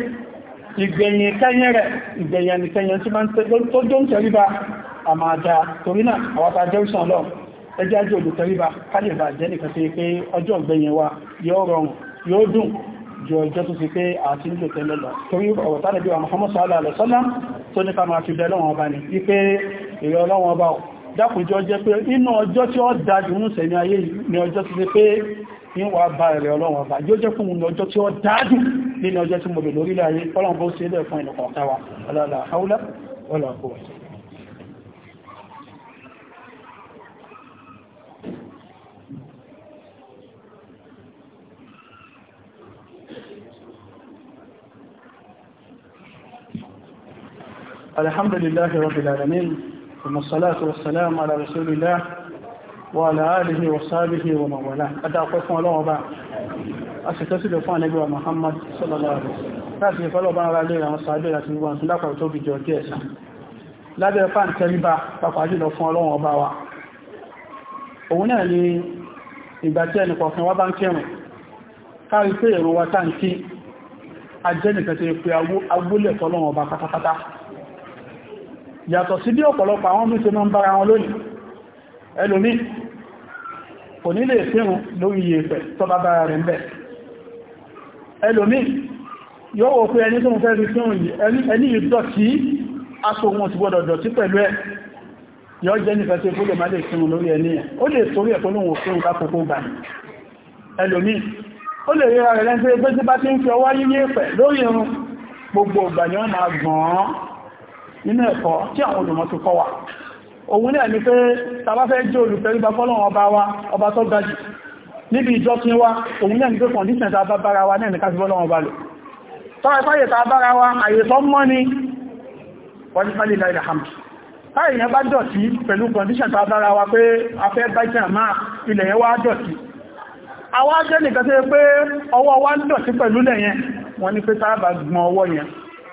ìgbẹ̀yìn kẹ́yẹ rẹ̀ ìgbẹ̀yìn kẹ́yẹ tí máa ń tó jọ ń tẹríba àmàdà torí náà àwọ́ta jẹ́rìsàn lọ ẹjẹ́ ajé olùtẹríba ọjọ́ wa yóò rọrùn yóò dùn ju ọjọ́ tó ti pé àti nílò tẹ́lẹ̀ lọ torí ọ̀rọ̀ tánàbí wa Muhammad sallallahu tó nípa máa fi bẹ́ lọ́wọ́ ọba ni wípé èrè ọlọ́wọ́ ọba dákùnjọ jẹ́ pé inú ọjọ́ tí ó dájú ní sẹ̀mí ayé ní ọjọ́ ti pé ní wà bá ẹ̀rẹ̀ ọlọ́run ọba yóò jẹ́ fún ọjọ́ tí ó dájú nínú ọjọ́ tí mo lò lórílẹ̀ ayé الحمد لله رب العالمين ثم الصلاة والسلام على رسول الله وعلى آله وصحبه ومن والاه أتعقفون الله وبعد أستسل فان نبي محمد صلى الله عليه وسلم láti fọ́lọ̀ bá ara lẹ́ra wọn sàábẹ̀ láti gbogbo àti lápàá tó bí jọ díẹ̀ sáà lábẹ́ fàn tẹ́líbà pàpàá jùlọ fún ọlọ́run ọba wa òun náà ni ìgbà tí ẹnì kọ̀ọ̀kan wá bá ń kẹrùn kárí pé èrò wa táǹkì ajẹ́nìkan ti pé agbólẹ̀ fọ́lọ́run ọba pátápátá yàtọ̀ sí bí ọ̀pọ̀lọpọ̀ àwọn mẹ́sẹ̀ máa ń bára wọn lónìí ẹlòmí kò ní lè fẹ́rùn lórí yẹ̀pẹ̀ tó bá bára rẹ̀ mẹ́ ẹlòmí yóò wò pé ẹni tó ń fẹ́ rí fẹ́rùn ẹni ìdọ̀tí aṣòhun ti gbọ́dọ̀ dọ̀tí pẹ̀lú ẹ yóò jẹ́ nífẹ̀ẹ́ tí ó lè má lè fẹ́rùn lórí ẹni ẹ̀ ó lè torí ni wọ́n nínú ẹ̀kọ́ tí àwọn olùmọ̀ ti kọ́ wa òun náà ni pé tàbá fẹ́ jẹ́ olùfẹ́rígbà fọ́lọ́wọ́n ọba wa ọba tó gbájì níbi ìjọsìn wa òun náà ni pé condition tàbá bára wa náà ní káfí fọ́lọ́wọ́n ọba lò tọ́ ẹ̀fáyè tàbá bára wa àyè tó mọ́ ni wọ́n láìlá hamdi táyìyàn bá dọ̀tí pẹ̀lú condition tàbá bára wa pé a fẹ́ bá jẹ́ àmá ilẹ̀ yẹn wá dọ̀tí àwọn ajẹ́ nìkan tó ọwọ́ yẹn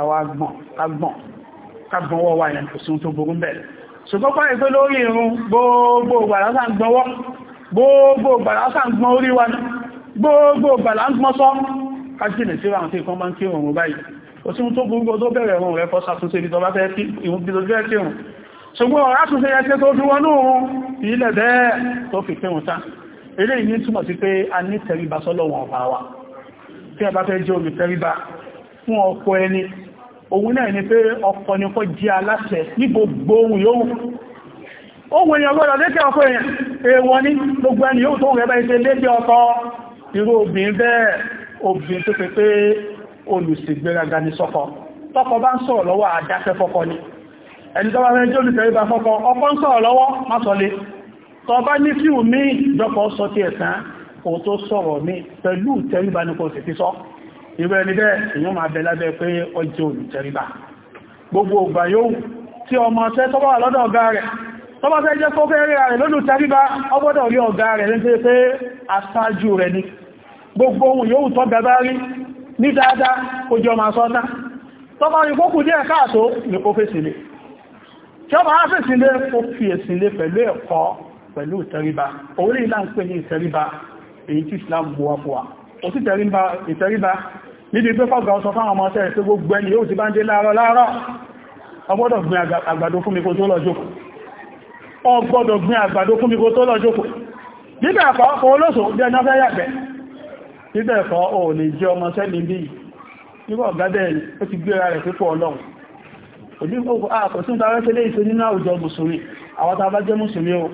àwọn agbọ̀n agbọ̀n kagbọ̀nwọ́ wà ní ìfòsún tó burú bẹ̀rẹ̀ ṣùgbọ́n pàrí pé lórí irun gbogbo gbàlásà ń gbọ́wọ́ gbogbo gbàlásà ń gbọ́n orí wa gbogbo gbàlá ń gbọ́n sọ́ kájìnà sí àwọn tí kan bá ń kí òun báyìí ó tí ó tó burú tó bẹ̀rẹ̀ ẹ̀rùn rẹ̀ fọ́ sàtúnṣe ibi tó bá fẹ́ kí ìhun bí lójú ẹ̀kí òun ṣùgbọ́n ọ̀rá tún ṣe yẹ tó fi wọn lóòrùn ilẹ̀ bẹ́ẹ̀ tó fi pé wọn ta eré ìní túmọ̀ sí pé a ní tẹríba sọ́lọ́wọ̀n ọ̀bá wa tí a bá fẹ́ jẹ́ omi tẹríba fún ọkọ ẹni òun náà ni pé ọkọ ni kọ́ jẹ́ aláṣẹ ní gbogbo ohun yóò ohun èèyàn gbọ́dọ̀ lékẹ́ ọkọ èèyàn èèwọ̀ ní gbogbo ẹni yóò tó rẹ̀ bá iṣẹ́ lékẹ́ ọkọ irú obìnrin bẹ́ẹ̀ obìnrin tó pẹ́ pé olùsìgbéraga ní ni ẹni tọ́bá fẹ́ jẹ́ olùsẹ̀rí bá fọ́kọ ọkọ ń sọ̀rọ̀ lọ́wọ́ má sọ lé tọba ní fíù mí ìjọpọ̀ sọ ti ẹ̀sán kò tó sọ̀rọ̀ irú ẹni bẹ́ẹ̀ èyàn máa bẹ lábẹ́ pé ó jẹ́ olùtẹríba gbogbo ògbà yóò tí ọmọ ṣẹ́ tó bá wà lọ́dọ̀ ọ̀gá rẹ̀ tó bá fẹ́ jẹ́ kó fẹ́ rí rẹ̀ lólùtẹríba ó ni gbogbo ohun yóò tọ́ bẹ̀bá rí ní dáadáa ó jọ máa sọ́tá tó bá rí kókù díẹ̀ káàtó ní kó fèsì lé tí ó bá fèsì lé ó fi èsì lé pẹ̀lú ẹ̀kọ́ pẹ̀lú níbi pé fọ́gbà ọsọ fáwọn ọmọ ọ̀sẹ̀ pé gbogbo ẹni yóò ti bá ń dé láàárọ̀ láàárọ̀ ọgbọ́dọ̀ gbin àgbàdo fún mi kó tó lọ jókòó ọgbọ́dọ̀ gbin àgbàdo fún mi kó tó lọ jókòó nígbà ẹ̀kọ́ olóso bí ẹni ọfẹ́ yàgbẹ́ nígbà ẹ̀kọ́ ò lè jẹ́ ọmọ sẹ́lì bí nígbà ọ̀gádẹ́ ó ti gbéra rẹ̀ pípọ̀ ọlọ́run ah, kò sí ìtawẹ́ tẹ́lẹ̀ ìṣe nínú àwùjọ mùsùlùmí àwọn tá a bá jẹ́ mùsùlùmí o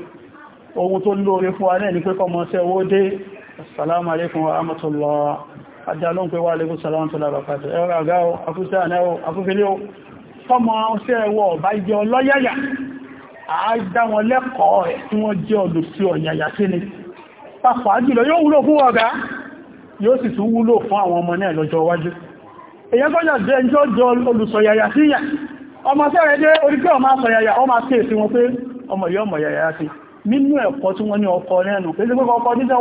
ohun tó lóore fún wa náà ní pé kọmọ sẹ́wọ́ dé assalamu alaikum wa rahmatullah àjálọ́n pé wà lẹ́gbẹ́ sàlámàtàlá àbàkàtà ẹ̀rọ àgá o akúṣẹ́ àná o akúfẹ́lé o tọ́mọ bá jẹ́ ọlọ́yàyà àádá wọn lẹ́kọ̀ọ́ rẹ̀ tí wọ́n jẹ́ olùsí ọ̀yàyà sí ni pàpàá jùlọ yóò wúlò fún ọ̀gá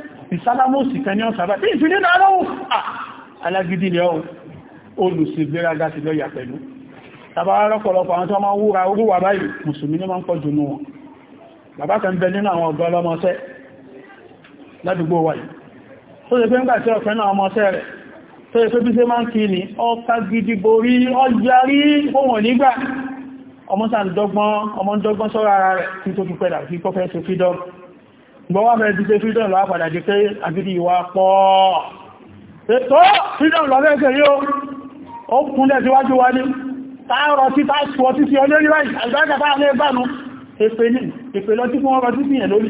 ìsálámọ́sì kan ní ọ̀sàbá tí ìfìdí náà lọ́wọ́ alágídí lẹ́ ọ́ olùsìgbéraga sí lọ́yà pẹ̀lú tàbára rọ́pọ̀lọpọ̀ àwọn tó máa wúra orúwà báyìí mùsùlùmí ní máa ń pọ̀jù nù wọn bàbá kan bẹ nínú àwọn ọ̀dọ́ ọlọ́mọṣẹ́ ládùúgbò wa yìí tó ṣe pé ń gbà tí ọ̀fẹ́ náà ọmọṣẹ́ rẹ̀ tó ṣe pé bí ṣe máa ń kí ni ọka gidi borí ọjarí ohun nígbà ọmọ sàn dọ́gbọ́n ọmọ dọ́gbọ́n sọ́ra rẹ̀ tí tó fi pẹ́dà sí kọ́fẹ́ sí fídọ́gbọ́n gbọ́wọ́ mẹ́rin ti ṣe freedom lọ àpàdà jẹ́ pé àbídí ìwà pọ̀ ètò freedom lọ mẹ́rin yóò wa ní táàrọ̀ sí táàkùọ̀ sí sí ọlé níwáyì àgbẹ́gbẹ́ta alẹ́ ìbánu èpè lọ tí fún ọrọ̀ títí yẹn lórí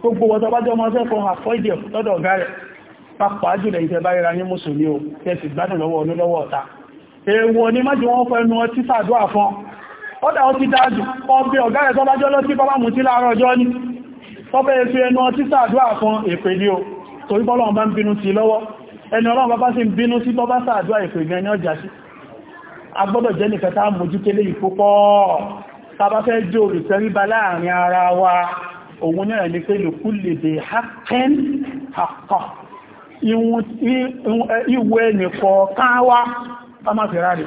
gbogbo wọ́n bá jọ ọmọ ọ̀sẹ́ fún àfọ́ìdì lọ́dọ̀ ọ̀gá rẹ̀ pàpàá jùlọ ìfẹ́ bá ríra ní mùsùlùmí o tẹ́sì gbádùn lọ́wọ́ olólọ́wọ́ ọ̀ta èèwọ̀ ni má jù wọ́n fẹ́ ẹnu ọtí sàdúà fún ọ́dà ó ti tọ́bẹ̀ ẹ̀fẹ́ ẹnu ọtí sàdúrà fún èpè ní o torí bọ́lọ́run bá ń bínú sí lọ́wọ́ ẹni ọlọ́run bá bá sí ń bínú sí bọ́bá sàdúrà èpè gan ní ọjà sí agbọ́dọ̀ jẹ́ nìkan tá mójútélé ìpópọ́ tàbá fẹ́ jẹ́ olùtẹ́ríba láàrin ara wa òun náà ní pé lòkú lè dè haqqin haqqan ìwọ ẹnì kọ̀ọ̀kan wá bá má fi ráre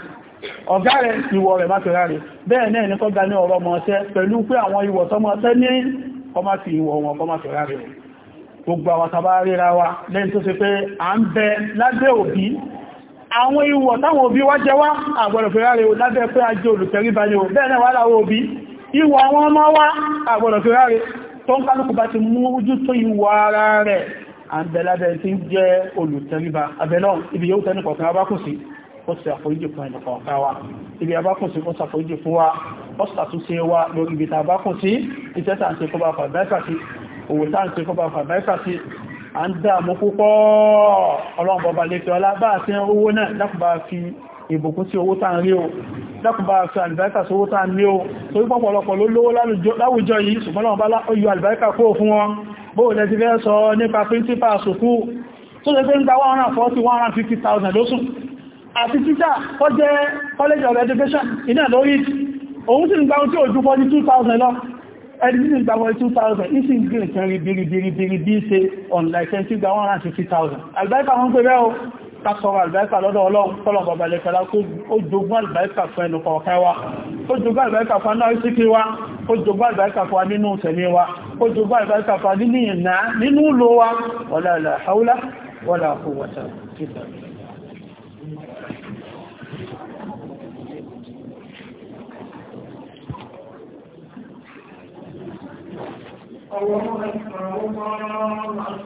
ọ̀gá rẹ̀ ìwọ̀ rẹ̀ má fi ráre bẹ́ẹ̀ náà ní kọ́ ga ní ọ̀rọ̀ mọ̀ọ́sẹ́ pẹ̀lú pé àwọn ìwọ̀ tọmọọ́sẹ́ ní kọmá sí ìwọ̀ wọn kọmá sí ọ̀rá rẹ̀ gbogbo àwọn tàbá ríra wa lẹ́yìn tó ṣe pé à ń bẹ lábẹ́ òbí àwọn ìwọ̀ táwọn òbí wá jẹ wá àgbọ̀dọ̀ fẹ́ra rẹ̀ lábẹ́ pé a jẹ́ olùtẹríba ni bẹ́ẹ̀ náà wá láwọ́ òbí ìwọ̀ àwọn ọmọ wá àgbọ̀dọ̀ fẹ́ra rẹ̀ tó ń kó ṣe a fún ẹnìkọ̀ọ̀ká ń ṣe púpọ̀ ọlọ́run lẹ́fẹ́ ọlá bá àti owó náà dákùnbà fi ìbùkún sí owó tàà rí o dákùnbà fi àlùbáríkà sí owó tàà rí o torí pọ̀pọ̀lọpọ̀ ló lówó láwùjọ yìí ṣùgbọ́n àti títà tó jẹ́ college of education iná lórí òun sì ń gba ohun tí ò ju 42,000 lọ ẹni sí ń gba 42,000 isi ń gbìyàn kan ribiribiribiri bí i ṣe unlike ẹni tí gba 150,000 albáìkà wọn pẹ̀lẹ́ o kásọ̀rọ̀ albáìkà lọ́dọ̀ ọlọ́run kọ́lọ̀ bàbá lẹ́fẹ́lá ó jogún albáìkà fún ẹnu kọ̀ọ̀kẹ́ wa ó jogún albáìkà fún anáwó síkí wa ó jogún albáìkà fún nínú tẹ̀mí wa ó jogún albáìkà fún nínú ìná اللهم اجعل الله